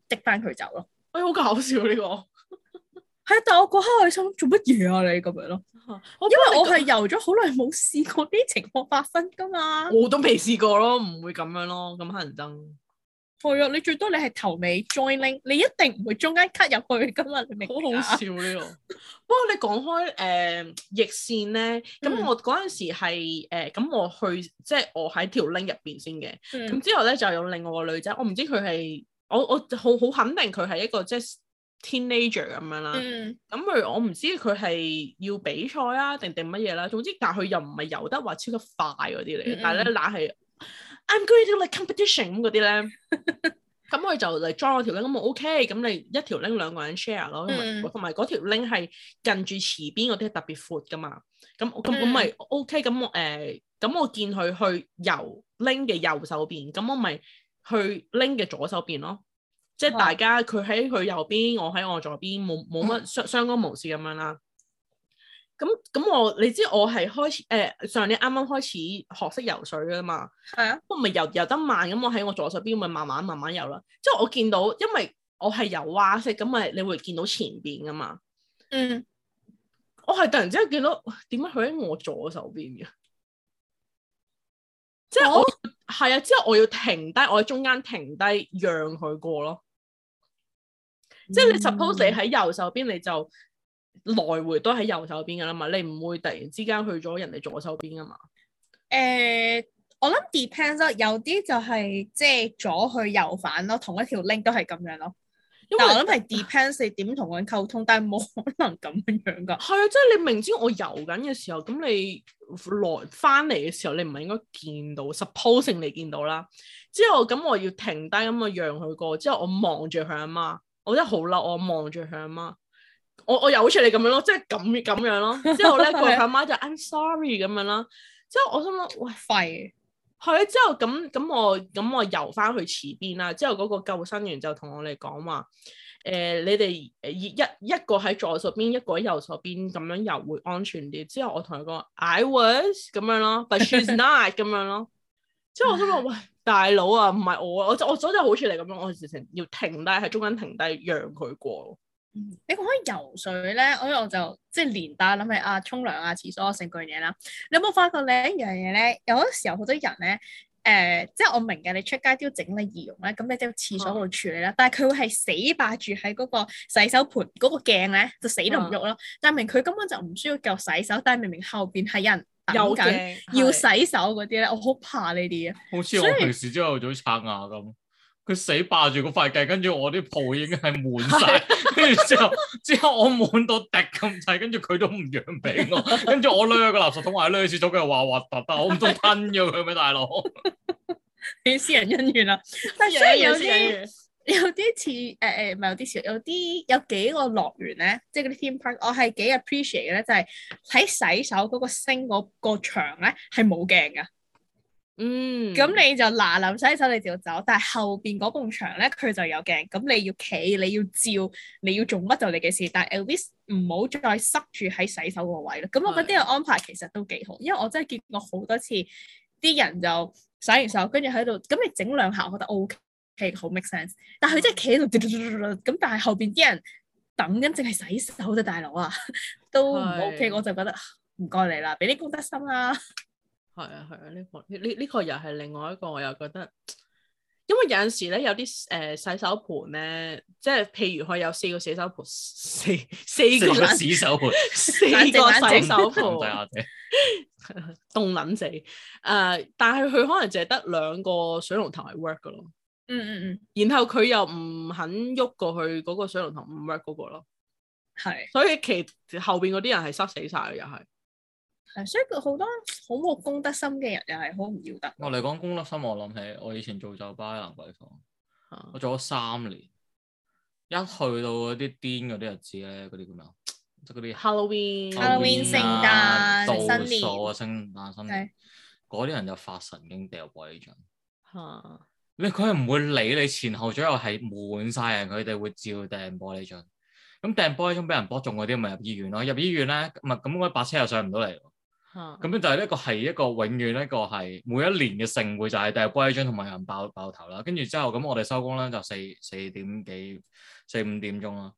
滴翻佢走咯。哎，好搞笑呢個！係 啊，但係我嗰刻我心做乜嘢啊？你咁樣咯，因為我係遊咗好耐，冇試過啲情況發生噶嘛。我都未試過咯，唔會咁樣咯，咁肯定。 你最多你係頭尾 join link 你一定唔會中間 cut 入去。今日你好好笑呢個。不過你講開誒、uh, 逆線咧，咁、嗯、我嗰陣時係咁、uh, 我去，即係我喺條 link 入邊先嘅。咁、嗯、之後咧就有另外個女仔，我唔知佢係我我好好肯定佢係一個即係 teenager 咁樣啦。咁佢、嗯、我唔知佢係要比賽啊定定乜嘢啦。總之但係佢又唔係遊得話超級快啲嚟，但係咧乸係。嗯 I'm going to the competition 嗰啲咧，咁 佢樂就嚟裝我條 link 咁我 OK，咁你一條 link 兩個人 share 咯，同埋嗰條 link 係近住池邊嗰啲係特別闊噶嘛，咁咁咁咪 OK，咁我誒咁我見佢去游 link 嘅右手邊，咁我咪去 link 嘅左手邊咯，即係大家佢喺佢右邊，我喺我左邊，冇冇乜相、嗯、相干模式咁樣啦。咁咁、嗯、我你知我係開始誒、呃、上年啱啱開始學識游水噶嘛係啊，我咪游游得慢咁，我喺我左手邊咪慢慢慢慢游啦。即係我見到，因為我係游蛙式，咁咪你會見到前邊噶嘛。嗯，我係突然之間見到點解佢喺我左手邊嘅？即係我係、哦、啊，之後我要停低，我喺中間停低讓佢過咯。即係你 suppose、嗯、你喺右手邊，你就，來回都喺右手邊噶啦嘛，你唔會突然之間去咗人哋左手邊噶嘛？誒、欸，我諗 depends 有啲就係即係左去右返咯，同一條 link 都係咁樣咯。因為我諗係 depends 你點同佢溝通，但係冇可能咁樣樣噶。係啊， 即係你明知我游緊嘅時候，咁你來翻嚟嘅時候，你唔係應該見到？supposing 你見到啦，之後咁我要停低，咁我讓佢過，之後我望住佢阿媽，我真係好嬲，我望住佢阿媽。我我又好似你咁樣咯，即係咁咁樣咯。之後咧，佢阿媽就 I'm sorry 咁樣啦。之後我心諗，喂廢係。之後咁咁我咁我遊翻去池邊啦。之後嗰個救生員就同我哋講話：誒，你哋誒一一個喺左手邊，一個喺右手邊咁樣遊會安全啲。之後我同佢講：I was 咁樣咯，but she's not 咁樣咯。之後我心諗，喂大佬啊，唔係我，我就我所就，就好似你咁樣，我直情要停低喺中間停低，讓佢過。嗯、你講開游水咧，所以我就即係連帶諗起啊，沖涼啊，廁所啊，成個嘢啦。你有冇發覺咧一樣嘢咧？有好多時候好多人咧，誒、呃，即係我明㗎，你出街都要整理儀容咧，咁你都要廁所度處理啦。嗯啊嗯、但係佢會係死霸住喺嗰個洗手盆嗰個鏡咧，啊、就死都唔喐咯，證明佢根本就唔需要夠洗手。但係明明後邊係有人有緊要洗手嗰啲咧，我好怕呢啲啊。好似我平時朝頭早刷牙咁。佢死霸住嗰塊鏡，跟住我啲鋪已經係滿晒。跟住之後之後我滿到滴咁滯，跟住佢都唔讓俾我，跟住我擸個垃圾桶，話擸完廁所佢又話核突，但我唔通吞咗佢，咩大佬？你私人恩怨啦，但係、啊、s 有啲有啲似誒誒，唔、呃、係有啲似，有啲有，有幾個樂園咧，即係嗰啲 theme park，我係幾 appreciate 嘅咧，就係、是、喺洗手嗰個升嗰個牆咧係冇鏡嘅。嗯，咁你就嗱臨洗手你就要走，但係後邊嗰埲牆咧佢就有鏡，咁你要企，你要照，你要做乜就你嘅事。但係 at least 唔好再塞住喺洗手個位咯。咁我覺得呢個安排其實都幾好，因為我真係見過好多次啲人就洗完手跟住喺度，咁你整兩下我覺得 O、OK, K 好 make sense，但係佢真係企喺度咁，但係後邊啲人等緊淨係洗手啫，大佬啊，都唔 OK，我就覺得唔該你啦，俾啲公德心啦、啊。係啊，係啊，呢、這個呢呢、這個又係另外一個，我又覺得，因為有陣時咧，有啲誒、呃、洗手盆咧，即係譬如佢有四個洗手盆，四四個洗手盆，四個洗手盆凍撚死。誒、呃，但係佢可能淨係得兩個水龍頭係 work 噶咯。嗯嗯嗯。然後佢又唔肯喐過去嗰、那個水龍頭唔 work 嗰個咯。係的。所以其後邊嗰啲人係塞死晒啦，又係。係，所以佢好多好冇公德心嘅人又係好唔要得。我嚟講公德心，我諗起我以前做酒吧喺蘭桂坊，我做咗三年，一去到嗰啲癲嗰啲日子咧，嗰啲叫咩啊？即係嗰啲 Halloween、Halloween、聖誕、新年、新年嗰啲人就發神經掉玻璃樽。吓，你佢係唔會理你前後左右係滿晒人，佢哋會照掟玻璃樽。咁掟玻璃樽俾人博中嗰啲咪入醫院咯？入醫院咧，唔係咁嗰啲白車又上唔到嚟。咁咧，就係一個係一個永遠一個係每一年嘅盛會，就是，就係第日杯樽同埋有人爆爆頭啦。跟住之後，咁我哋收工啦，就四四點幾四五點鐘啦，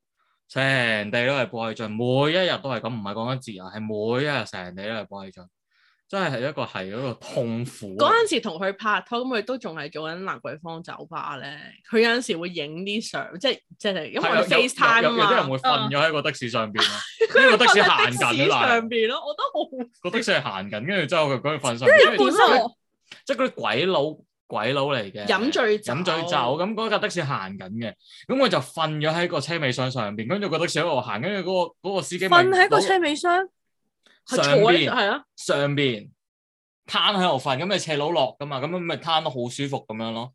成地都係杯樽，每一日都係咁，唔係講緊自由，係每一日成地都係杯樽。真係係一個係一個痛苦。嗰陣時同佢拍拖，咁佢都仲係做緊蘭桂坊酒吧咧。佢有陣時會影啲相，即係即係咁喺 FaceTime 啊。有啲人會瞓咗喺個的士上邊，呢、啊、個的士行緊、啊啊啊啊、上邊咯。我都好個的士係行緊，跟住之後佢，佢瞓上邊。一半即係嗰啲鬼佬、鬼佬嚟嘅，飲醉酒、飲醉酒咁，嗰架的士行緊嘅，咁我就瞓咗喺個車尾箱上邊，跟住個的士喺度行，跟住嗰個嗰個司機瞓喺個車尾箱。上邊係啊，上邊攤喺度瞓，咁咪斜佬落噶嘛，咁樣咪攤得好舒服咁樣咯。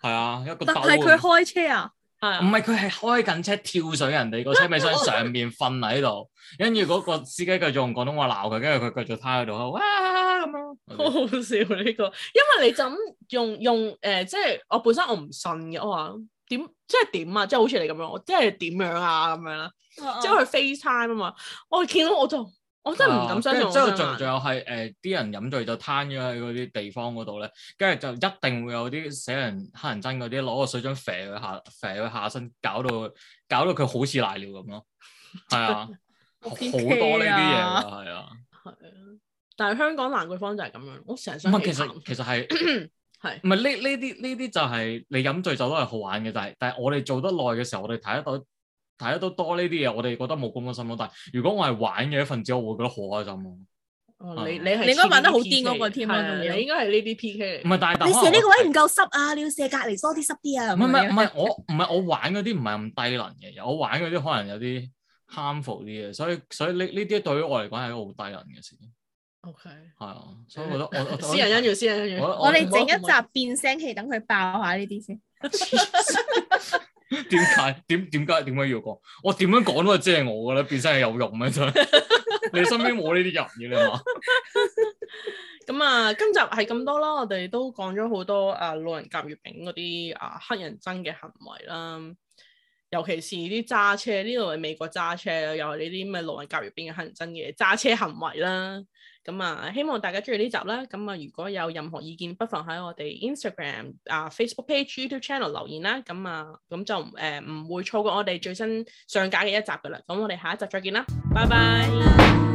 係啊，一個但係佢開車啊，係唔係佢係開緊車跳上人哋個車尾箱上面瞓喺度，跟住嗰個司機繼續用廣東話鬧佢，跟住佢繼續攤喺度啊，咁樣好好笑呢個。因為你就咁用用誒，即係我本身我唔信嘅，我話點即係點啊，即係好似你咁樣，即係點樣啊咁樣啦。之後佢 FaceTime 啊嘛，我見到我就。我、 哦、真係唔敢相信，即係仲仲有係誒啲人飲醉就攤咗喺嗰啲地方嗰度咧，跟住就一定會有啲死人乞人憎嗰啲攞個水樽揈佢下，揈佢下身，搞到搞到佢好似瀨尿咁咯，係啊，好 多呢啲嘢啊，係啊，係啊，但係香港蘭桂坊就係咁樣，我成日想問，其實其實係係，唔係呢呢啲呢啲就係、是、你飲醉酒都係好玩嘅，就係但係我哋做得耐嘅時候，我哋睇得到。睇得都多呢啲嘢，我哋覺得冇咁開心咯。但係如果我係玩嘅一份子，我會覺得好開心咯。你你係你應該玩得好癲嗰個添啊，你應該係呢啲 P K。唔係，大係但係你射呢個位唔夠濕啊！你要射隔離多啲濕啲啊！唔係唔係唔係，我唔係我玩嗰啲唔係咁低能嘅，我玩嗰啲可能有啲堪服啲嘅，所以所以呢呢啲對於我嚟講係好低能嘅事。O K。係啊，所以我覺得我私人因素，私人因素。我我哋整一集變聲器，等佢爆下呢啲先。點解點點解點解要講？我點樣講都係，即係我嘅啦，變身係有用咩？真 你身邊冇呢啲人嘅你話？咁啊，今集係咁多啦，我哋都講咗好多啊，老人甲乙丙嗰啲啊乞人憎嘅行為啦，尤其是啲揸車呢度係美國揸車，又係呢啲咩老人甲乙丙嘅乞人憎嘅揸車行為啦。咁啊，希望大家中意呢集啦。咁啊，如果有任何意見， 不妨喺我哋 Instagram 啊、uh, Facebook Page、YouTube Channel 留言啦。咁啊，咁就誒、呃、唔會錯過我哋最新上架嘅一集嘅啦。咁我哋下一集再見啦，拜拜。